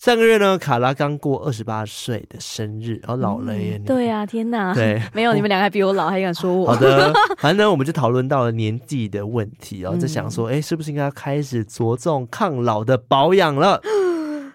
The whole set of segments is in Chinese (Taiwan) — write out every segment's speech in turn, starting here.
上個月呢，卡拉剛過二十八歲的生日，然、嗯、後老了耶。對呀、啊，天哪！對，沒有你們兩個還比我老，還敢說我？我的。 反正呢，我們就討論到了年紀的問題哦，然後就想說，哎、嗯欸，是不是應該開始着重抗老的保養了？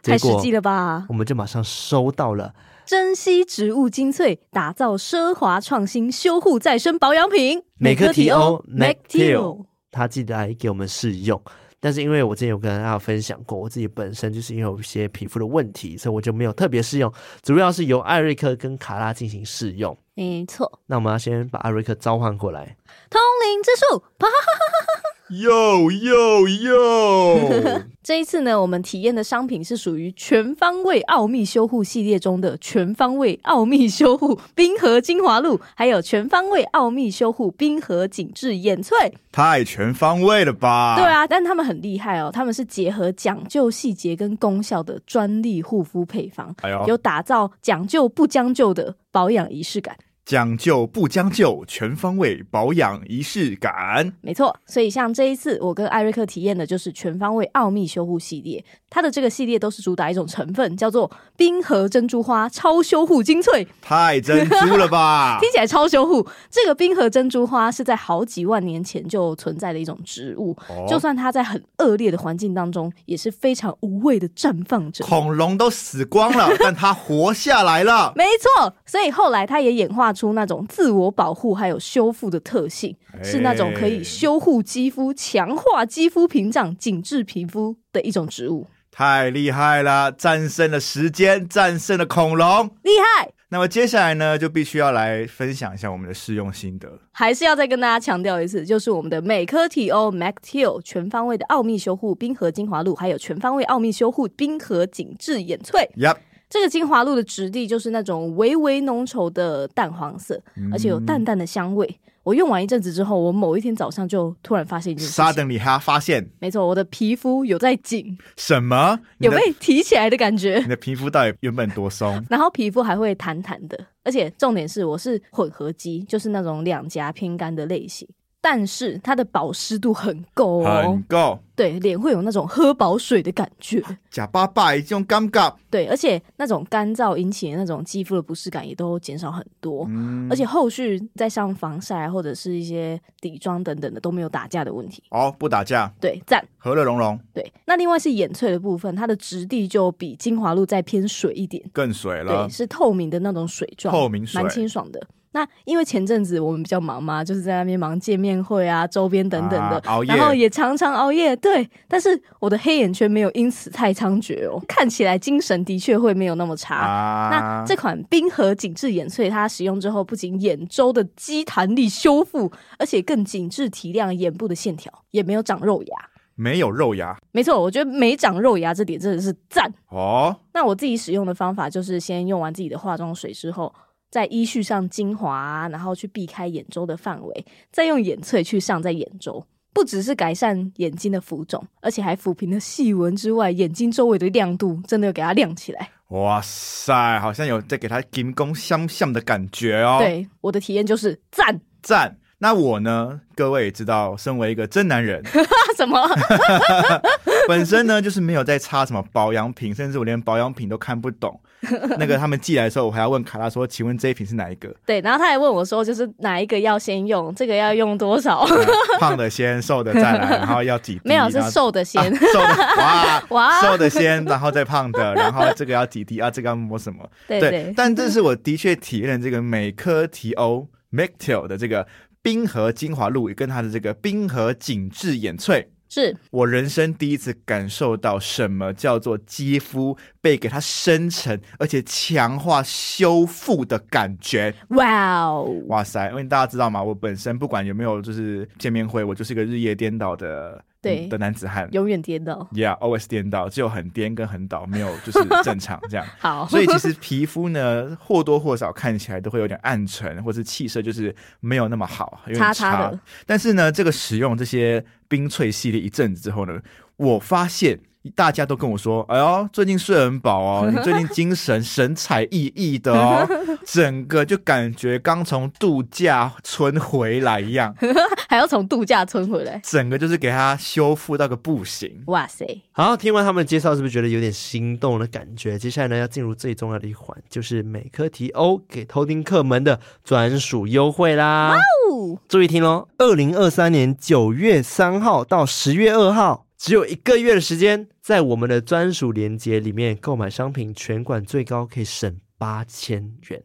太實際了吧？我們就馬上收到了珍稀植物精粹，打造奢華創新修護再生保養品美珂媞歐美珂媞歐，他記得來給我們試用。但是因為我之前有跟大家分享過，我自己本身就是因為有一些皮膚的問題，所以我就沒有特別試用，主要是由艾瑞克跟卡拉進行試用。沒錯，那我們要先把艾瑞克召喚過來，通靈之術。啪哈哈哈哈呦呦呦呵呵， 這一次呢，我們體驗的商品是屬於全方位奧秘修護系列中的全方位奧秘修護冰河精華露，還有全方位奧秘修護冰河緊緻眼萃。太全方位了吧？對啊，但他們很厲害哦，他們是結合講究細節跟功效的專利護膚配方，還、哎、有打造講究不將就的保養儀式感。講究不將就，全方位保養儀式感。沒錯，所以像這一次我跟艾瑞克體驗的就是全方位奧秘修護系列，它的這個系列都是主打一種成分，叫做冰河珍珠花超修護精粹。太珍珠了吧？ 聽起來超修護。這個冰河珍珠花是在好幾萬年前就存在的一種植物，哦、就算它在很惡劣的環境當中也是非常無畏的綻放着。恐龍都死光了， 但它活下來了。沒錯，所以後來它也演化。出那種自我保護還有修復的特性，是那種可以修護肌膚、強化肌膚屏障、緊緻皮膚的一種植物，太厲害了！戰勝了時間，戰勝了恐龍，厲害！那麼接下來呢，就必須要來分享一下我們的試用心得。還是要再跟大家強調一次，就是我們的美珂媞歐 McCTILL 全方位的奧秘修護冰河精華露，還有全方位奧秘修護冰河緊緻眼萃。Yep 這個精華露的質地就是那種微微濃稠的淡黃色，而且有淡淡的香味，嗯。我用完一陣子之後，我某一天早上就突然發現一件事情：沙登里哈發現，沒錯，我的皮膚有在緊，什麼？有被提起來的感覺？你的皮膚到底原本多鬆？ 然後皮膚還會彈彈的，而且重點是我是混合肌，就是那種兩頰偏乾的類型。但是它的保濕度很夠、哦，很夠，對臉會有那種喝飽水的感覺。假巴巴這種尷尬，對，而且那種乾燥引起的那種肌膚的不適感也都減少很多。嗯，而且後續再上防曬或者是一些底妝等等的都沒有打架的問題。哦，不打架，對，讚，和樂融融。對，那另外是眼萃的部分，它的質地就比精華露再偏水一點，更水了，對，是透明的那種水狀，透明水，蠻清爽的。那因為前陣子我們比較忙嘛，就是在那邊忙見面會啊、周邊等等的，啊、然後也常常熬夜、啊。對，但是我的黑眼圈沒有因此太猖獗哦，看起來精神的確會沒有那麼差。啊、那這款冰河緊致眼萃，它使用之後不僅眼周的肌彈力修復，而且更緊致提亮眼部的線條，也沒有長肉芽。沒有肉芽？沒錯，我覺得沒長肉芽這點真的是讚。哦，那我自己使用的方法就是先用完自己的化妝水之後。在依序上精華啊，然後去避開眼周的範圍，再用眼萃去上在眼周，不只是改善眼睛的浮腫，而且還撫平了細紋之外，眼睛周圍的亮度真的要給它亮起來。哇塞，好像有在給它金光相向的感覺哦。對，我的體驗就是讚讚。那我呢？各位也知道，身為一個真男人， 什麼？ 本身呢，就是沒有在擦什麼保養品， 甚至我連保養品都看不懂。 那個他們寄來的時候，我還要問卡拉說：“請問這一瓶是哪一個？”對，然後他還問我說：“就是哪一個要先用？這個要用多少？ 嗯、胖的先，瘦的再來，然後要幾滴？” 沒有，是瘦的先。啊、瘦的哇哇， 瘦的先，然後再胖的，然後這個要幾滴 啊？這個要抹什麼。對對。對，但這是我的確體驗這個美珂媞歐 McCTILL 的這個冰河精華露，跟它的這個冰河緊緻眼萃。是我人生第一次感受到什麼叫做肌膚被給它深層而且強化修復的感覺。哇、wow、哦，哇塞！因為大家知道嗎？我本身不管有沒有就是見面會，我就是個日夜顛倒的。對的男子漢，永遠顛倒。Yeah，always 顛倒，只有很顛跟很倒，沒有就是正常這樣。 好，所以其實皮膚呢，或多或少看起來都會有點暗沉，或是氣色就是沒有那麼好。有點差，插插的。但是呢，這個使用這些冰萃系列一陣子之後呢，我發現。大家都跟我說：“哎喲，最近睡很飽哦，你最近精神神采奕奕的哦， 整個就感覺剛從度假村回來一樣， 還要從度假村回來，整個就是給他修復到個不行。”哇塞！好，聽完他們的介紹，是不是覺得有點心動的感覺？接下來呢，要進入最重要的一環，就是美珂媞歐給偷聽客們的專屬優惠啦哇、哦！注意聽哦，二零二三年九月三號到十月二號。只有一個月的時間，在我們的專屬鏈接裡面購買商品，全館最高可以省八千元，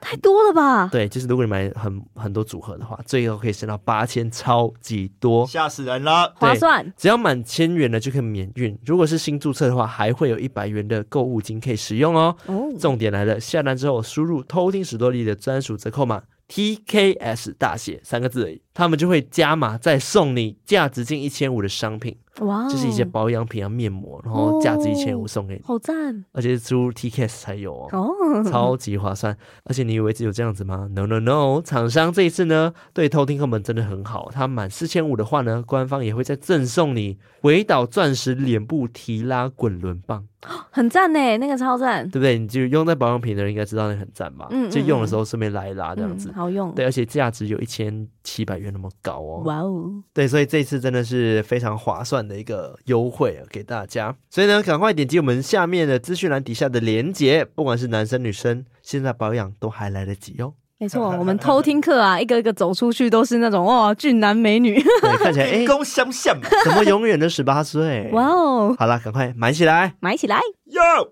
太多了吧？對，就是如果你買很很多組合的話，最高可以省到八千，超級多，嚇死人了！划算，只要滿千元了就可以免運。如果是新註冊的話，還會有一百元的購物金可以使用哦。哦，重點來了，下單之後輸入“偷聽史多利”的專屬折扣碼 TKS 大寫三個字而已。他們就會加碼再送你價值近一千五的商品，哇、wow！就是一些保養品啊、面膜，然後價值一千五送給你，好讚！而且是出 t h TKS 才有哦，oh. 超級划算！而且你以為只有這樣子嗎？No No No！廠商這一次呢，對偷聽客們真的很好，他滿四千五的話呢，官方也會再贈送你微導鑽石臉部提拉滾輪棒，很讚呢，那個超讚，對不對？你就用在保養品的人應該知道那很讚吧？嗯，嗯，就用的時候順便拉一拉這樣子，嗯、好用。對，而且價值有一千七百元。沒那麼高哦，哇哦！對，所以這次真的是非常划算的一個優惠、啊、給大家。所以呢，趕快點擊我們下面的資訊欄底下的連結，不管是男生女生，現在保養都還來得及哦。沒錯、啊， 我們偷聽客啊，一個一個走出去都是那種哦，俊男美女， 對，看起來哎，相、欸、像， 怎麼永遠都十八歲？哇哦！好啦，趕快買起來，買起來！Yo!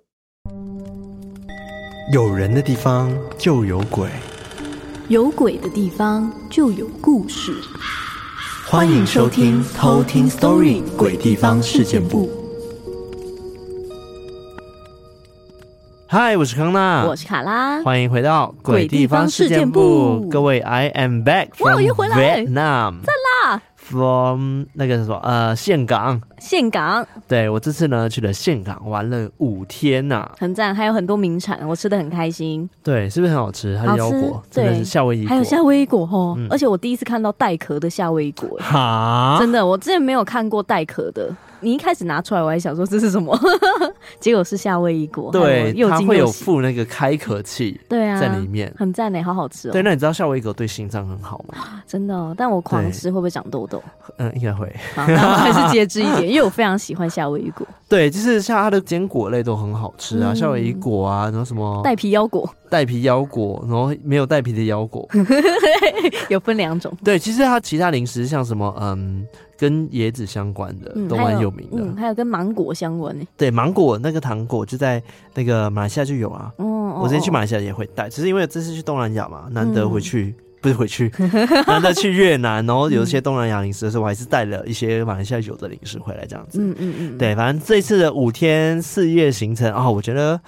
有人的地方就有鬼。有鬼的地方就有故事，歡迎收聽《偷聽 Story 鬼地方事件簿》。嗨，我是康納，我是卡拉，歡迎回到鬼《鬼地方事件簿》。各位，I am back from Vietnam，from 那個是什麼，呃峴港，峴港，對，我這次呢去了峴港玩了五天吶，啊，很讚，還有很多名產，我吃得很開心。對，是不是很好吃？還有腰果，真的是夏威夷果，還有夏威夷果哦，嗯，而且我第一次看到帶殼的夏威夷果，哈，真的，我之前沒有看過帶殼的。你一開始拿出來，我還想說這是什麼， 結果是夏威夷果柚柚。對，它會有附那個開殼器。 對啊，在裡面很讚呢，好好吃哦。對，那你知道夏威夷果對心臟很好嗎？ 真的、哦，但我狂吃會不會長痘痘？嗯，應該會。那我還是節制一點， 因為我非常喜歡夏威夷果。對，就是像它的堅果類都很好吃啊、嗯，夏威夷果啊，然後什麼帶皮腰果、帶皮腰果，然後沒有帶皮的腰果， 有分兩種。對，其實它其他零食像什麼，嗯。跟椰子相關的都蠻、嗯、有名的有，嗯，還有跟芒果相關的、欸，對，芒果那個糖果就在那個馬來西亞就有啊。哦，我之前去馬來西亞也會帶，其、哦、實因為這次去東南亞嘛，難得回去、嗯、不是回去， 難得去越南，然後有一些東南亞零食的時候，嗯、我還是帶了一些馬來西亞有的零食回來，這樣子。嗯嗯嗯，對，反正這次的五天四夜行程啊、哦，我覺得。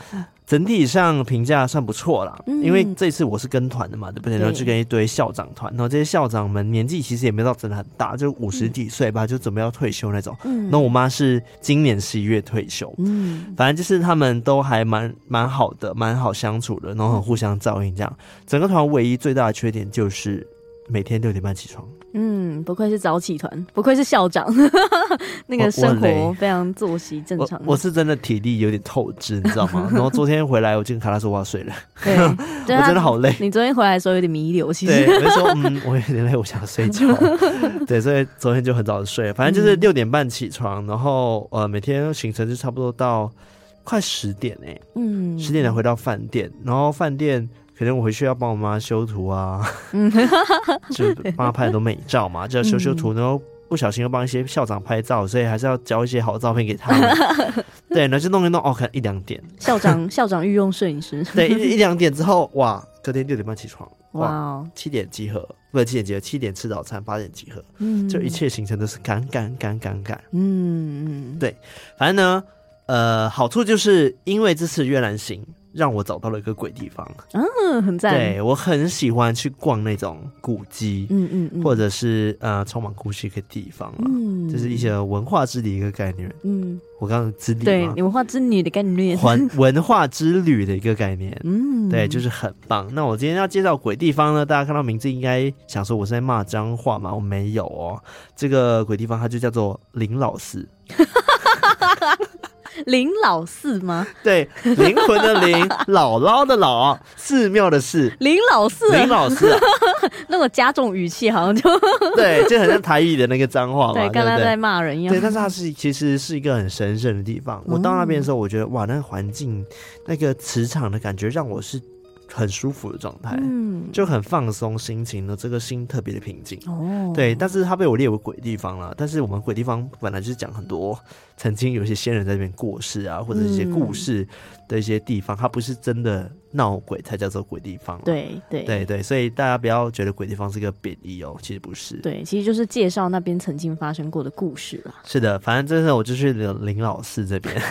整體上評價算不錯啦，因為這次我是跟團的嘛，對不對？然後，嗯，就跟一堆校長團，然後這些校長們年紀其實也沒到真的很大，就五十幾歲吧，就準備要退休那種。嗯，那我媽是今年十一月退休，嗯，反正就是他們都還蠻蠻好的，蠻好相處的，然後很互相照應這樣。整個團唯一最大的缺點就是每天六點半起床。嗯，不愧是早起團，不愧是校長， 那個生活非常作息正常我我我。我是真的體力有點透支，你知道嗎？ 然後昨天回來我就跟卡拉說我要睡了， 對就 我真的好累。你昨天回來的時候有點迷離，我其實對，沒說。嗯，我有點累，我想睡覺。 對，所以昨天就很早睡了。反正就是六點半起床，然後呃每天行程就差不多到快十點哎、欸，嗯，十點才回到飯店，然後飯店。可能我回去要幫我媽修圖啊， 就幫她拍很多美照嘛，就要修修圖，然後不小心又幫一些校長拍照，所以還是要交一些好的照片給他們。 對，然後就弄一弄，哦，可能一兩點。校長 校長御用攝影師。對，一兩點之後，哇，隔天六點半起床，哇，wow. 七點集合，不是七點集合，七點吃早餐，八點集合，嗯，就一切行程都是趕趕趕趕趕，嗯 嗯，對，反正呢，呃，好處就是因為這次越南行。讓我找到了一個鬼地方，嗯、哦，很讚。對，我很喜歡去逛那種古蹟，嗯嗯，嗯，或者是呃充滿故事一個地方嗯，就是一些文化之旅一個概念。嗯，我剛剛知理對，文化之旅的概念，環文化之旅的一個概念，嗯，對，就是很棒。那我今天要介紹鬼地方呢，大家看到名字應該想說我是在罵髒話嘛？我沒有哦，這個鬼地方它就叫做靈姥寺。 靈姥寺嗎？對，靈魂的靈， 姥姥,的姥,姥的姥，寺廟的寺，靈姥寺、啊，靈姥寺、啊， 那個加重語氣，好像就 對，就很像台語的那個髒話嘛，對不對？對對剛才在罵人一樣。對，但是它是其實是一個很神聖的地方。嗯、我到那邊的時候，我覺得哇，那個環境，那個磁場的感覺，讓我是很舒服的狀態，嗯，就很放鬆心情的，這個心特別的平靜。哦，對，但是它被我列為鬼地方了、啊。但是我們鬼地方本來就是講很多。曾經有一些仙人在那邊過世啊，或者是一些故事的一些地方，它、嗯、不是真的鬧鬼才叫做鬼地方、啊。對對對對，所以大家不要覺得鬼地方是個貶義哦，其實不是。對，其實就是介紹那邊曾經發生過的故事了。是的，反正這次我就去了林老四這邊。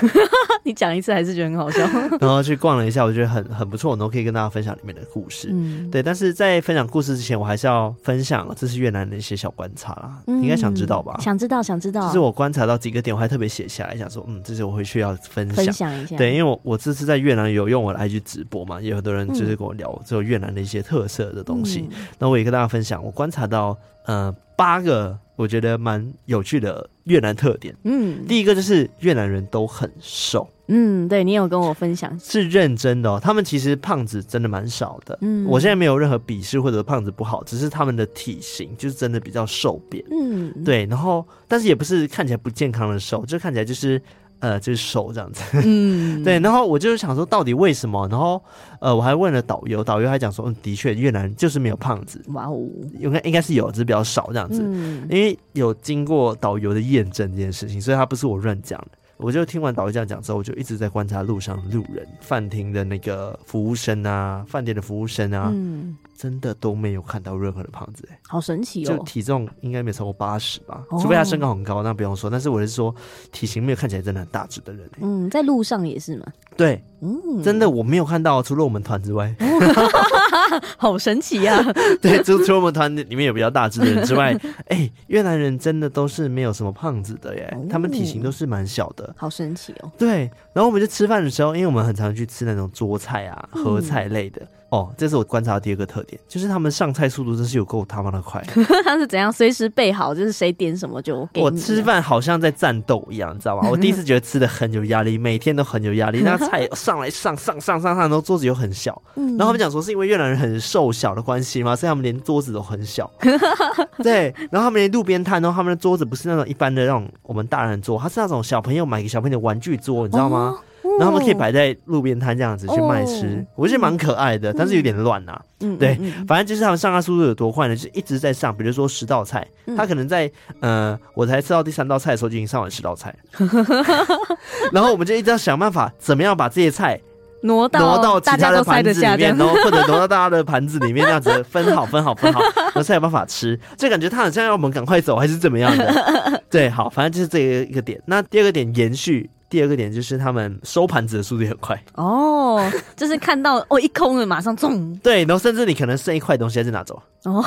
你講一次還是覺得很好笑。然後去逛了一下，我覺得很很不錯，然後可以跟大家分享裡面的故事、嗯。對，但是在分享故事之前，我還是要分享這是越南的一些小觀察啦，嗯、應該想知道吧？想知道，想知道。其、就、實、是、我觀察到幾個點，我還特別。寫下來，想說，嗯，這是我回去要分享，分享一下。對，因為我我這次在越南有用我的 I G 直播嘛，也有很多人就是跟我聊這個、嗯、越南的一些特色的東西、嗯。那我也跟大家分享，我觀察到，呃，八個。我覺得蠻有趣的越南特點。嗯，第一個就是越南人都很瘦。嗯，對，你有跟我分享是認真的哦。他們其實胖子真的蠻少的。嗯，我現在沒有任何鄙視或者胖子不好，只是他們的體型就是真的比較瘦扁。嗯，對，然後但是也不是看起來不健康的瘦，就看起來就是。呃，就是瘦這樣子， 嗯，對。然後我就是想說，到底為什麼？然後，呃，我還問了導遊，導遊還講說，嗯，的確，越南就是沒有胖子。哇哦，應該應該是有，只、就是比較少這樣子。嗯、因為有經過導遊的驗證這件事情，所以他不是我亂講的。我就聽完導遊這樣講之後，我就一直在觀察路上路人、飯廳的那個服務生啊，飯店的服務生啊。嗯。真的都沒有看到任何的胖子，哎，好神奇哦！就體重應該沒有超過八十吧。哦，除非他身高很高，那不用說。但是我是說，體型沒有看起來真的很大只的人。嗯，在路上也是嘛。對，嗯，真的我沒有看到，除了我們團之外，嗯、 好神奇呀！啊！ 對，除，除了我們團裡面有比較大只的人之外，哎、 欸，越南人真的都是沒有什麼胖子的耶，哦、他們體型都是蠻小的，哦，好神奇哦。對，然後我們就吃飯的時候，因為我們很常去吃那種桌菜啊、合菜類的。嗯哦，這是我觀察的第二個特點，就是他們上菜速度真是有夠他媽的快的。 他是怎樣？隨時備好，就是誰點什麼就給，你我吃飯好像在戰鬥一樣，你知道嗎？我第一次覺得吃的很有壓力，每天都很有壓力。那個、菜上來上，上上上上上，然後桌子又很小。然後他們講說是因為越南人很瘦小的關係嘛，所以他們連桌子都很小。 對，然後他們連路邊攤都，他們的桌子不是那種一般的那種我們大人桌，他是那種小朋友買給小朋友的玩具桌，你知道嗎？哦然後他們可以擺在路邊攤這樣子去賣吃，哦、我覺得蠻可愛的，嗯、但是有點亂吶、啊。嗯，對嗯嗯，反正就是他們上菜速度有多快呢？就一直在上，比如說十道菜，他可能在、嗯、呃，我才吃到第三道菜的時候就已經上完十道菜。 然後我們就一直要想辦法怎麼樣把這些菜挪挪到其他的盤子裡面，然後或者挪到大家的盤子裡面，這樣子分好分好分好， 然後才有辦法吃。就感覺他好像要我們趕快走，還是怎麼樣的？ 對，好，反正就是這個一個點。那第二個點延續。第二個點就是他們收盤子的速度也很快哦，就是看到 哦一空了馬上中對，然後甚至你可能剩一塊東西還是拿走哦，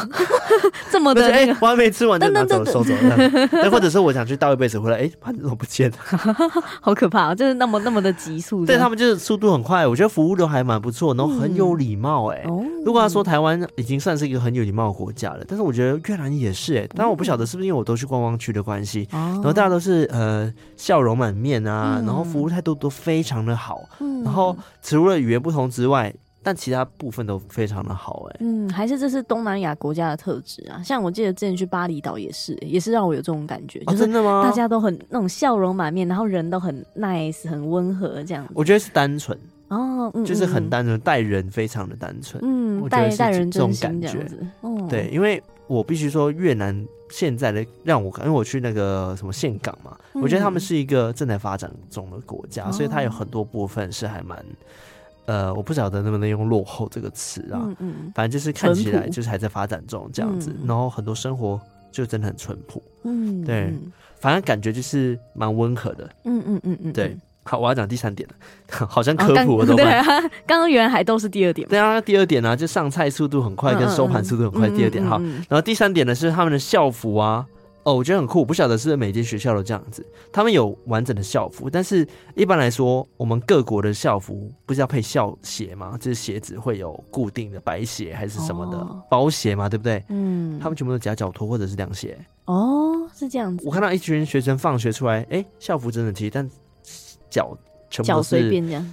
這麼的哎、 欸、我還沒吃完就拿走了、嗯嗯嗯、收走了，或者是我想去倒一杯水回來哎盤、欸、子怎麼不見了，好可怕哦，就是那麼那麼的急速，對，他們就是速度很快，我覺得服務都還蠻不錯，然後很有禮貌哎、欸嗯。如果要說台灣已經算是一個很有禮貌的國家了，但是我覺得越南也是哎、欸，但我不曉得是不是因為我都去觀光區的關係、嗯，然後大家都是呃笑容滿面啊。嗯然後服務態度都非常的好，嗯、然後除了語言不同之外，但其他部分都非常的好。哎，嗯，還是這是東南亞國家的特質啊。像我記得之前去巴厘島也是，也是讓我有這種感覺，哦、就真的嗎？大家都很那種笑容滿面，然後人都很 nice，很溫和這樣子。我覺得是單純哦、嗯嗯，就是很單純待人，非常的單純。嗯，我覺得待人這種感覺、嗯，對，因為我必須說越南。現在的讓我，因為我去那個什麼岘港嘛、嗯，我覺得他們是一個正在發展中的國家，嗯、所以它有很多部分是還蠻、哦，呃，我不曉得能不能用落後這個詞啊、嗯嗯，反正就是看起來就是還在發展中這樣子，然後很多生活就真的很淳樸，嗯，對，嗯、反正感覺就是蠻溫和的，嗯嗯嗯嗯，對。好，我要講第三點了，好像科普了對不對、哦、對剛、啊、剛原來還都是第二點，對啊，第二點啊，就上菜速度很快，跟收盤速度很快，嗯嗯，第二點。好，然後第三點呢是他們的校服啊，哦，我覺得很酷，不曉得是不是每間學校都這樣子，他們有完整的校服，但是一般來說，我們各國的校服不是要配校鞋嗎？就是鞋子會有固定的白鞋還是什麼的，哦、包鞋嘛，對不對？嗯，他們全部都夾腳拖或者是涼鞋。哦，是這樣子。我看到一群學生放學出來，哎、欸，校服真的 T，但。腳，腳隨便這樣，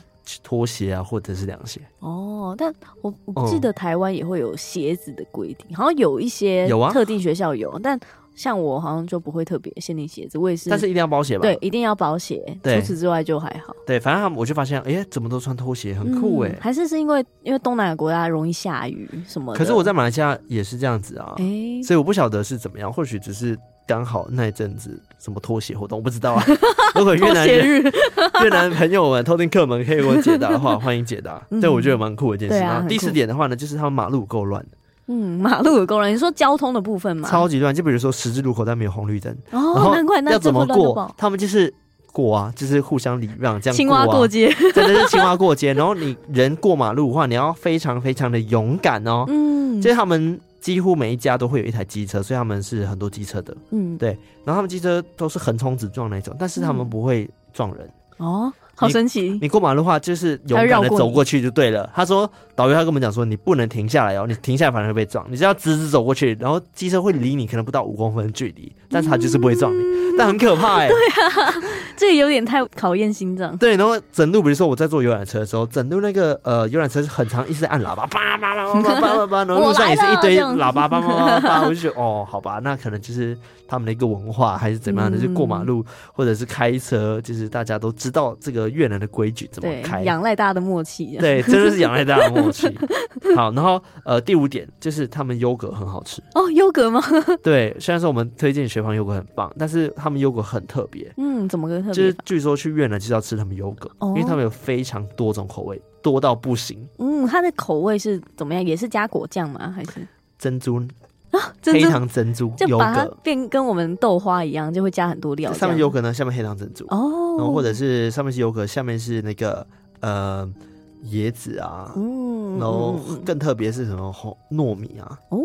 拖鞋啊，或者是涼鞋。哦，但我我不記得台灣也會有鞋子的規定、嗯，好像有一些有啊，特定學校有，有、啊，但像我好像就不會特別限定鞋子。我也是，但是一定要包鞋吧？對，一定要包鞋。對，除此之外就還好。對，反正我我就發現，哎、欸，怎麼都穿拖鞋，很酷哎、欸，嗯。還是是因為因為東南亞國家容易下雨什麼的？可是我在馬來西亞也是這樣子啊，欸、所以我不曉得是怎麼樣，或許只是。剛好那一陣子什麼拖鞋活動我不知道啊。如果越南人 越南朋友們 偷聽客們可以給我解答的話， 歡迎解答。嗯、對，我覺得蠻酷的一件事、啊。第四點的話呢，就是他們馬路夠亂。嗯，馬路有夠亂，你說交通的部分嘛。超級亂，就比如說十字路口，但沒有紅綠燈。哦，然後難怪，那怎麼過？他們就是過啊，就是互相禮讓這樣過、啊。青蛙過街，真的是青蛙過街。 然後你人過馬路的話，你要非常非常的勇敢哦。嗯，就是他們。幾乎每一家都會有一台機車，所以他們是很多機車的。嗯，對。然後他們機車都是橫衝直撞那種，但是他們不會撞人。嗯、哦，好神奇！你，你過馬路的話，就是勇敢的走過去就對了。他說，導遊他跟我們講說，你不能停下來哦，你停下來反而會被撞。你只要直直走過去，然後機車會離你、嗯、可能不到五公分的距離，但是他就是不會撞你。嗯但很可怕哎、欸嗯，對啊，這有點太考驗心臟。對，然後整路，比如說我在坐遊覽車的時候，整路那個呃遊覽車是很長，一直在按喇叭，叭叭叭叭叭叭叭，然後路上也是一堆喇叭，叭叭叭叭。我就覺得哦，好吧，那可能就是他們的一個文化，還是怎麼樣的？就過馬路或者是開車，就是大家都知道這個越南的規矩怎麼開，仰賴大家的默契。對，真的是仰賴大家的默契。好，然後呃第五點就是他們優格很好吃哦，優格嗎？對，雖然說我們推薦雪坊優格很棒，但是。他們優格很特別，嗯，怎麼個特別？就是據說去越南就是要吃他們優格。哦，因為他們有非常多種口味，多到不行。嗯，它的口味是怎麼樣？也是加果醬嗎？還是珍珠、啊、珍珠？黑糖珍珠，就把它變跟我們豆花一樣，就會加很多料。上面優格呢，下面黑糖珍珠哦，然後或者是上面是優格，下面是那個呃椰子啊嗯，嗯，然後更特別是什麼紅糯米啊？哦，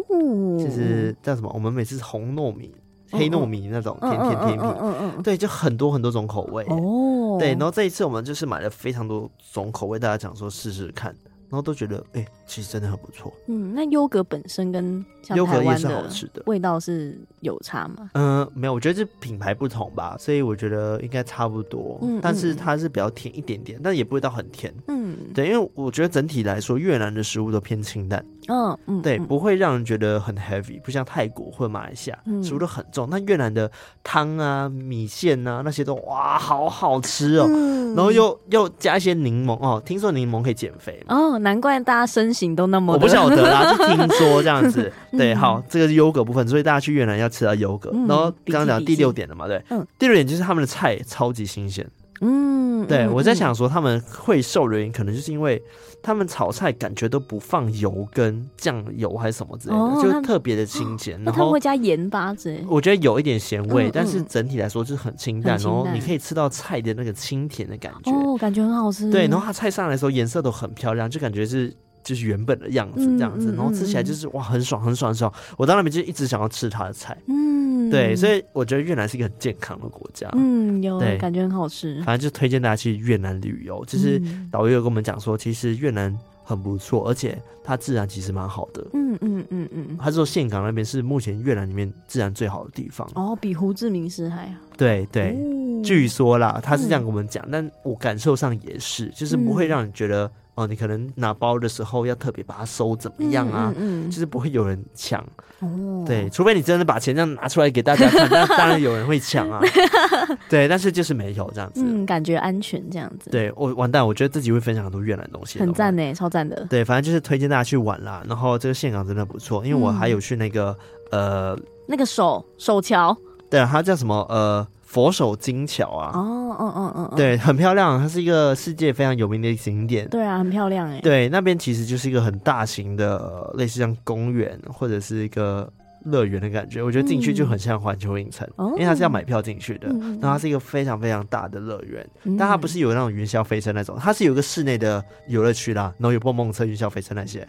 就是叫什麼？我們每次紅糯米。黑糯米那種、嗯、甜甜甜品、嗯嗯嗯嗯嗯。對，就很多很多種口味、欸。哦，對，然後這一次我們就是買了非常多種口味，大家講說試試看，然後都覺得哎、欸，其實真的很不錯。嗯，那優格本身跟優格也是好吃的，味道是有差嗎？嗯，沒有，我覺得這品牌不同吧，所以我覺得應該差不多、嗯嗯。但是它是比較甜一點點，但也不會到很甜。嗯，對，因為我覺得整體來說越南的食物都偏清淡。嗯、哦、嗯，對嗯，不會讓人覺得很 heavy，不像泰國或馬來西亞、嗯、熟的很重。那越南的湯啊、米線啊那些都哇，好好吃哦。嗯、然後又又加一些檸檬哦，聽說檸檬可以減肥哦，難怪大家身形都那麼……我不曉得啦，就聽說這樣子。 對，好，這個是優格部分，所以大家去越南要吃到優格、嗯，然後剛剛講的第六點了嘛？對，嗯，第六點就是他們的菜超級新鮮。嗯，對，我在想說他們會瘦的原因，可能就是因為他們炒菜感覺都不放油跟醬油還是什麼之類的，哦、就特別的清甜。那他們會加鹽巴之類？我覺得有一點鹹味、嗯嗯，但是整體來說就是很清淡哦。淡然後你可以吃到菜的那個清甜的感覺，哦，感覺很好吃。對，然後它菜上來的時候顏色都很漂亮，就感覺是。就是原本的樣子，這樣子，嗯嗯，然後吃起來就是，嗯、哇，很爽，很爽很爽，很爽。我到那邊就一直想要吃他的菜。嗯，對，所以我覺得越南是一個很健康的國家。嗯，有感覺很好吃。反正就推薦大家去越南旅遊。就是導遊又跟我們講說，其實越南很不錯，而且它自然其實蠻好的。嗯嗯嗯嗯，他說峴港那邊是目前越南裡面自然最好的地方。哦，比胡志明市還好。對對，嗯，據說啦，他是這樣跟我們講，嗯，但我感受上也是，就是不會讓你覺得。哦，你可能拿包的時候要特別把它收怎麼樣啊？嗯，嗯嗯，就是不會有人搶。哦，對，除非你真的把錢這樣拿出來給大家看， 當然有人會搶啊。 對，但是就是沒有這樣子。嗯，感覺安全這樣子。對我完蛋，我覺得自己會分享很多越南東西的東西。很讚呢，超讚的。對，反正就是推薦大家去玩啦。然後這個峴港真的不錯，因為我還有去那個、嗯、呃那個手手橋。對啊，它叫什麼呃？佛手金橋啊！哦，哦哦哦，對，很漂亮。它是一個世界非常有名的景點。對啊，很漂亮哎、欸。對，那邊其實就是一個很大型的，類似像公園或者是一個。樂園的感覺，我覺得進去就很像環球影城，嗯、因為它是要買票進去的。嗯、然後它是一個非常非常大的樂園、嗯，但它不是有那種雲霄飛車那種，它、嗯、是有個室內的遊樂區啦，然後有碰碰車、雲霄飛車那些，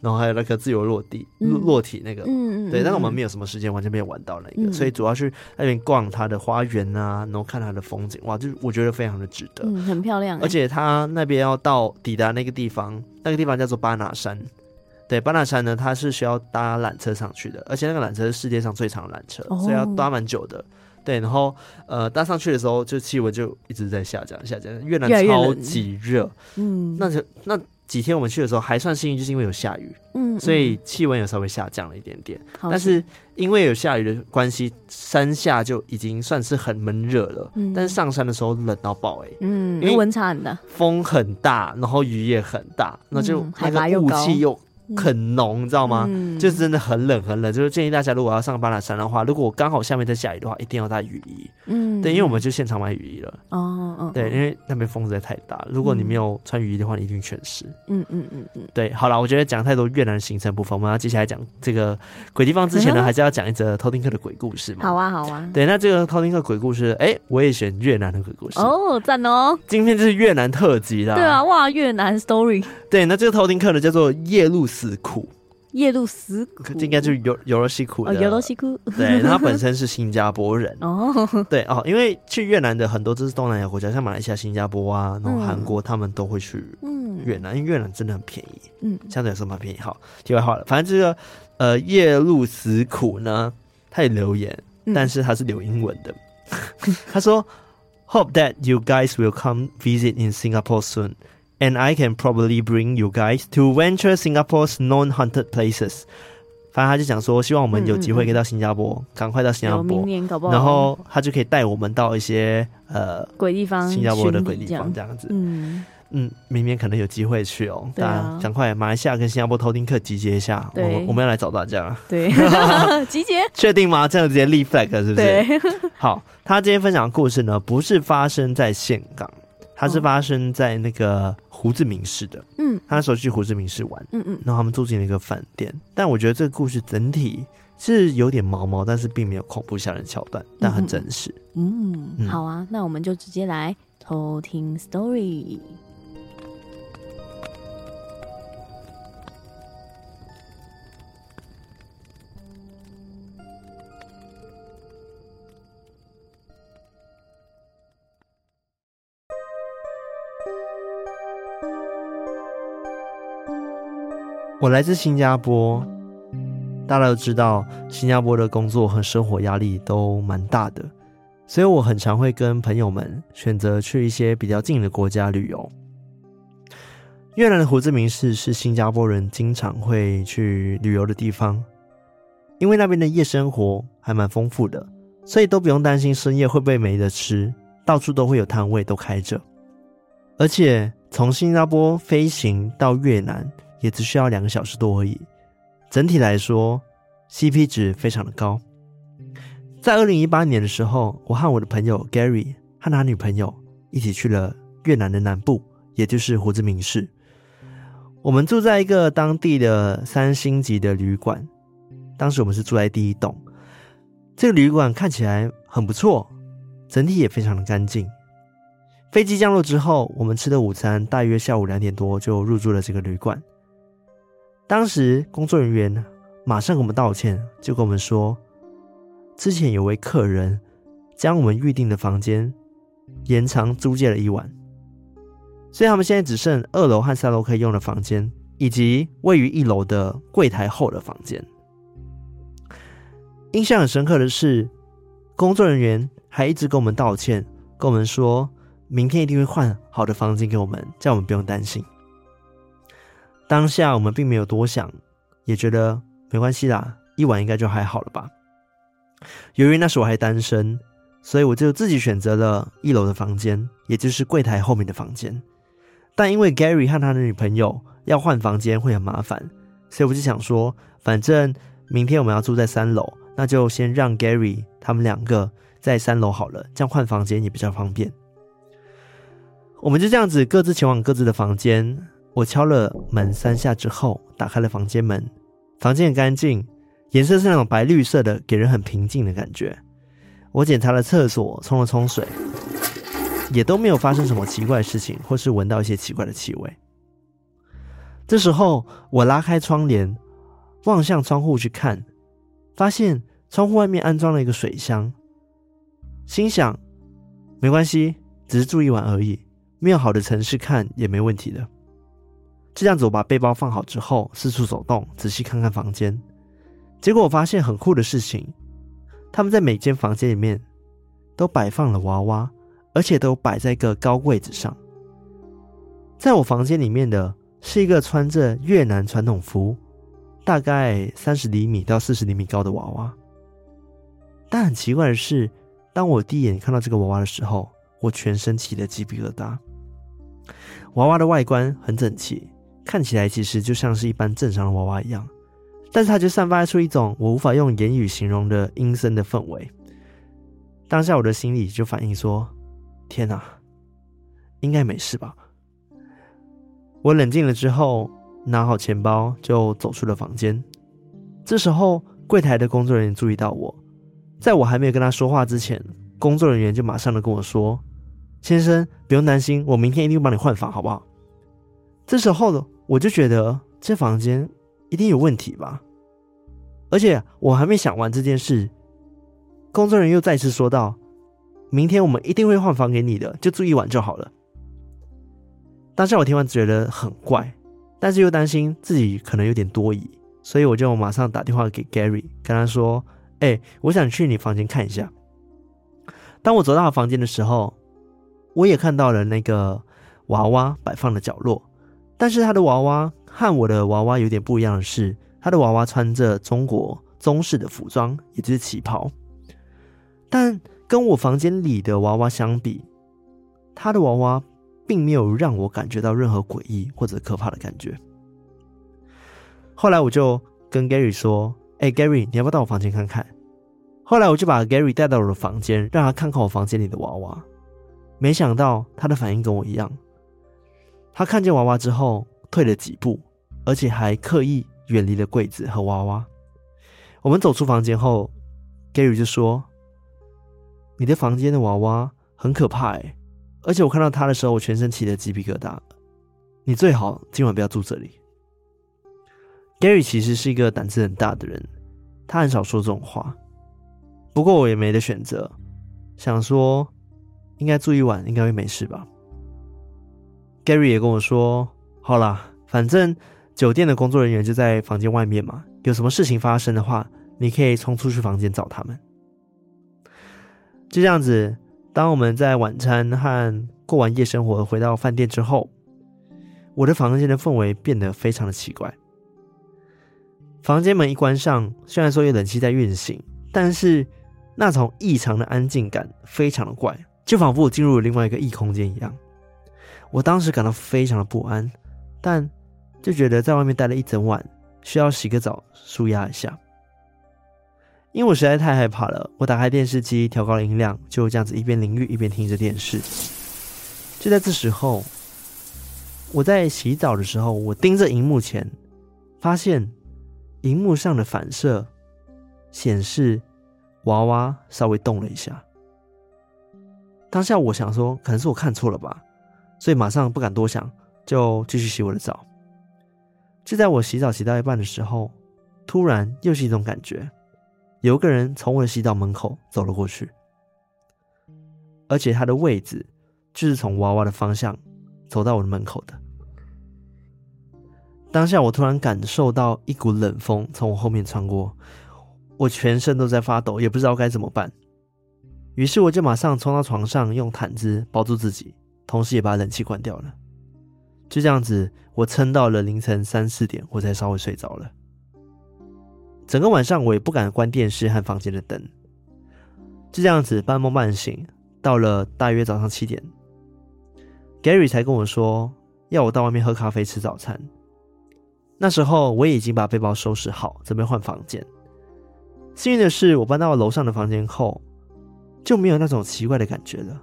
然後還有那個自由落地落,落體那個，嗯、對。嗯、但是我們沒有什麼時間、嗯，完全沒有玩到那個，嗯、所以主要去那邊逛它的花園啊，然後看它的風景，哇，就我覺得非常的值得，嗯、很漂亮、欸。而且它那邊要到抵達那個地方，那個地方叫做巴拿山。對，巴拿山呢，它是需要搭纜車上去的，而且那個纜車是世界上最長的纜車，oh. 所以要搭蠻久的。對，然後呃，搭上去的時候，就氣溫就一直在下降，下降。越南超級熱，嗯，那就那幾天我們去的時候還算幸運，就是因為有下雨，嗯，嗯，所以氣溫也稍微下降了一點點，好。但是因為有下雨的關係，山下就已經算是很悶熱了、嗯，但是上山的時候冷到爆，欸。嗯，因為溫差很大，風很大，然後雨也很大，嗯、那就海拔霧氣又，嗯很濃，你知道嗎、嗯？就是真的很冷，很冷。就是建議大家，如果要上巴拿山的話，如果剛好下面在下雨的話，一定要帶雨衣。嗯，對，因為我們就現場買雨衣了。哦、嗯、哦，對，因為那邊風實在太大，如果你沒有穿雨衣的話，一定全濕。嗯嗯嗯嗯，對，好了，我覺得講太多越南行程不方便，我們要接下來講這個鬼地方之前呢，還是要講一則偷聽客的鬼故事嘛。好啊，好啊。對，那這個偷聽客鬼故事，哎、欸，我也選越南的鬼故事。哦，讚哦。今天就是越南特輯啦。對啊，哇，越南 story。對，那這個偷聽客的叫做夜露。死苦，夜露死苦，這應該就是尤尤羅西苦的尤羅西苦。Oh, 對，他本身是新加坡人哦。 對哦，因為去越南的很多都是東南亞國家，像馬來西亞、新加坡啊，然後韓國他們都會去越南，嗯、越南真的很便宜。嗯，相對來說蠻便宜。好，題外話了，反正這個呃夜露死苦呢，他也留言、嗯，但是他是留英文的。 他說 ：Hope that you guys will come visit in Singapore soon。And I can probably bring you guys to venture Singapore's non-haunted places。反正他就講說，希望我們有機會可以到新加坡，趕、嗯、快到新加坡，明年搞不好，然後他就可以帶我們到一些呃鬼地方，新加坡的鬼地方這樣子。嗯嗯，明年可能有機會去哦。當、嗯、然，趕、啊、快馬來西亞跟新加坡偷聽客集結一下，我們我們要來找大家。對， 集結，確定嗎？這樣直接立 flag 是不是？對 好，他今天分享的故事呢，不是發生在岘港。它是發生在那個胡志明市的，嗯，他那時候去胡志明市玩，嗯嗯，然後他們住進了一個飯店，但我覺得這個故事整體是有點毛毛，但是並沒有恐怖嚇人橋段，但很真實，嗯嗯。嗯，好啊，那我們就直接來偷聽 story。我來自新加坡，大家都知道，新加坡的工作和生活壓力都蠻大的，所以我很常會跟朋友們選擇去一些比較近的國家旅遊。越南的胡志明市是新加坡人經常會去旅遊的地方，因為那邊的夜生活還蠻豐富的，所以都不用擔心深夜會不會沒得吃，到處都會有攤位都開着。而且從新加坡飛行到越南，也只需要兩個小時多而已。整體來說，CP 值非常的高。在二零一八年的時候，我和我的朋友 Gary 和他女朋友一起去了越南的南部，也就是胡志明市。我們住在一個當地的三星級的旅館，當時我們是住在第一棟。這個旅館看起來很不錯，整體也非常的乾淨。飛機降落之後，我們吃的午餐，大約下午兩點多就入住了這個旅館。當時工作人員馬上跟我們道歉，就跟我們說，之前有位客人將我們預訂的房間延長租借了一晚，所以他們現在只剩二樓和三樓可以用的房間，以及位於一樓的櫃檯後的房間。印象很深刻的是，工作人員還一直跟我們道歉，跟我們說明天一定會換好的房間給我們，叫我們不用擔心。當下我們並沒有多想，也覺得沒關係啦，一晚應該就還好了吧。由於那時我還單身，所以我就自己選擇了一樓的房間，也就是櫃台後面的房間。但因為 Gary 和他的女朋友要換房間會很麻煩，所以我就想說，反正明天我們要住在三樓，那就先讓 Gary 他們兩個在三樓好了，這樣換房間也比較方便。我們就這樣子各自前往各自的房間。我敲了門三下之後，打開了房間門。房間很乾淨，顏色是那種白綠色的，給人很平靜的感覺。我檢查了廁所，沖了沖水，也都沒有發生什麼奇怪的事情，或是聞到一些奇怪的氣味。這時候，我拉開窗簾，望向窗戶去看，發現窗戶外面安裝了一個水箱。心想：沒關係，只是住一晚而已，沒有好的城市看也沒問題的。這樣子，我把背包放好之後，四處走動，仔細看看房間。結果我發現很酷的事情：他們在每間房間裡面都擺放了娃娃，而且都擺在一個高櫃子上。在我房間裡面的是一個穿着越南傳統服、大概三十釐米到四十釐米高的娃娃。但很奇怪的是，當我第一眼看到這個娃娃的時候，我全身起了雞皮疙瘩。娃娃的外觀很整齊。看起來其實就像是一般正常的娃娃一樣，但是它就散發出一種我無法用言語形容的陰森的氛圍。當下我的心裡就反應說：“天哪，應該沒事吧？”我冷靜了之後，拿好錢包就走出了房間。這時候櫃台的工作人員注意到我，在我還沒有跟他說話之前，工作人員就馬上的跟我說：“先生，不用擔心，我明天一定幫你換房，好不好？”這時候。我就覺得這房間一定有問題吧，而且我還沒想完這件事，工作人員又再次說道：“明天我們一定會換房給你的，就住一晚就好了。”當下我聽完覺得很怪，但是又擔心自己可能有點多疑，所以我就馬上打電話給 Gary，跟他說：“哎、欸，我想去你房間看一下。”當我走到房間的時候，我也看到了那個娃娃擺放的角落。但是他的娃娃和我的娃娃有點不一樣的是，他的娃娃穿着中國中式的服裝，也就是旗袍。但跟我房間裡的娃娃相比，他的娃娃並沒有讓我感覺到任何詭異或者可怕的感覺。後來我就跟 Gary 說：“哎，Gary，你要不要到我房間看看？”後來我就把 Gary 帶到我的房間，讓他看看我房間裡的娃娃。沒想到他的反應跟我一樣。他看見娃娃之後退了幾步，而且還刻意遠離了櫃子和娃娃。我們走出房間後，Gary 就說：“你的房間的娃娃很可怕欸，而且我看到他的時候，我全身起了雞皮疙瘩。你最好今晚不要住這裡。” Gary 其實是一個膽子很大的人，他很少說這種話。不過我也沒得選擇，想說應該住一晚，應該會沒事吧。Gary 也跟我說：“好啦，反正酒店的工作人員就在房間外面嘛，有什麼事情發生的話，你可以衝出去房間找他們。”就這樣子，當我們在晚餐和過完夜生活回到飯店之後，我的房間的氛圍變得非常的奇怪。房間門一關上，雖然說有冷氣在運行，但是那種異常的安靜感非常的怪，就仿佛我進入了另外一個異空間一樣。我當時感到非常的不安，但就覺得在外面待了一整晚，需要洗個澡舒壓一下。因為我實在太害怕了，我打開電視機，調高了音量，就這樣子一邊淋浴一邊聽着電視。就在這時候，我在洗澡的時候，我盯着熒幕前，發現熒幕上的反射顯示娃娃稍微動了一下。當下我想說，可能是我看錯了吧。所以馬上不敢多想，就繼續洗我的澡。就在我洗澡洗到一半的時候，突然又是一種感覺，有個人從我的洗澡門口走了過去，而且他的位置就是從娃娃的方向走到我的門口的。當下我突然感受到一股冷風從我後面穿過，我全身都在發抖，也不知道該怎麼辦。於是我就馬上衝到床上，用毯子包住自己。同時也把冷氣關掉了，就這樣子，我撐到了凌晨三四點，我才稍微睡着了。整個晚上我也不敢關電視和房間的燈，就這樣子半夢半醒，到了大約早上七點，Gary 才跟我說要我到外面喝咖啡吃早餐。那時候我也已經把背包收拾好，準備換房間。幸運的是，我搬到樓上的房間後，就沒有那種奇怪的感覺了。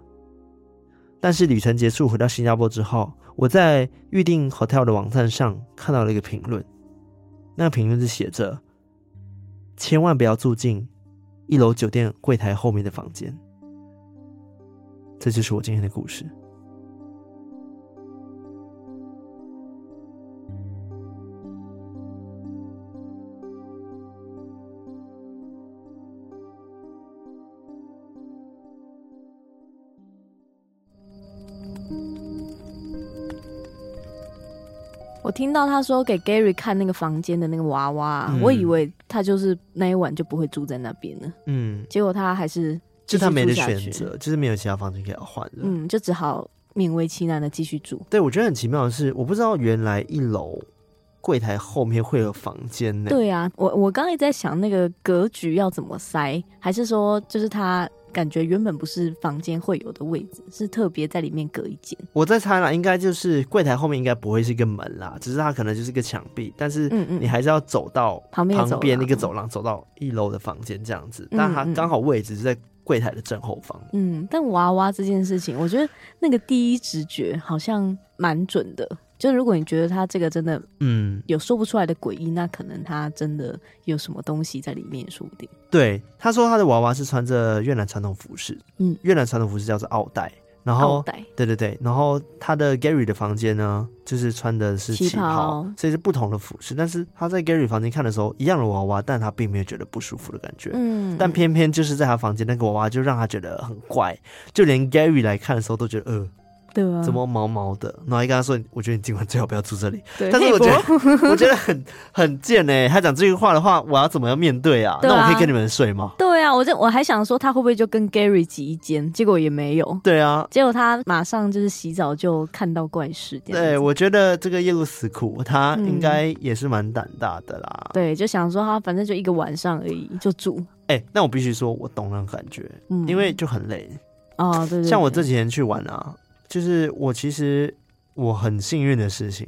但是旅程結束，回到新加坡之後，我在預定 hotel 的網站上看到了一個評論，那個評論是寫着：“千萬不要住進一樓酒店櫃檯後面的房間。”這就是我今天的故事。我聽到他說給 Gary 看那個房間的那個娃娃，嗯，我以為他就是那一晚就不會住在那邊了。嗯，結果他還是就他沒得選擇，就是沒有其他房間可以換了。嗯，就只好勉為其難的繼續住。對，我覺得很奇妙的是，我不知道原來一樓櫃台後面會有房間呢。對啊，我我剛才也在想那個格局要怎麼塞，還是說就是他。感覺原本不是房間會有的位置，是特別在裡面隔一間。我在猜啦，應該就是櫃檯後面應該不會是一個門啦，只是它可能就是個牆壁，但是你還是要走到旁邊旁邊那個走廊，走到一樓的房間這樣子。但它剛好位置是在櫃檯的正後方。嗯嗯。嗯。但娃娃這件事情，我覺得那個第一直覺好像蠻準的。就如果你覺得他這個真的，嗯，有說不出來的詭異，嗯，那可能他真的有什麼東西在裡面，說不定。對，他說他的娃娃是穿着越南傳統服飾，嗯，越南傳統服飾叫做奧黛。然後，奧黛。對對對，然後他的 Gary 的房間呢，就是穿的是旗袍，旗袍。所以是不同的服飾。但是他在 Gary 房間看的時候，一樣的娃娃，但他並沒有覺得不舒服的感覺，嗯，但偏偏就是在他房間那個娃娃就讓他覺得很怪，就連 Gary 來看的時候都覺得呃。對啊，怎麼毛毛的？然後還跟他說：“我覺得你今晚最好不要住這裡。對”但是我覺得 我覺得很很賤呢、欸。他講這句話的話，我要怎麼樣面對啊，對啊？那我可以跟你們睡嗎？對啊，我就我還想說他會不會就跟 Gary 擠一間，結果也沒有。對啊，結果他馬上就是洗澡就看到怪事。對，我覺得這個夜露死苦，他應該也是蠻膽大的啦、嗯。對，就想說他反正就一個晚上而已，就住。哎、欸，那我必須說我懂那種感覺、嗯，因為就很累啊。哦、對，對，對，像我這幾天去玩啊。就是我其實我很幸運的事情，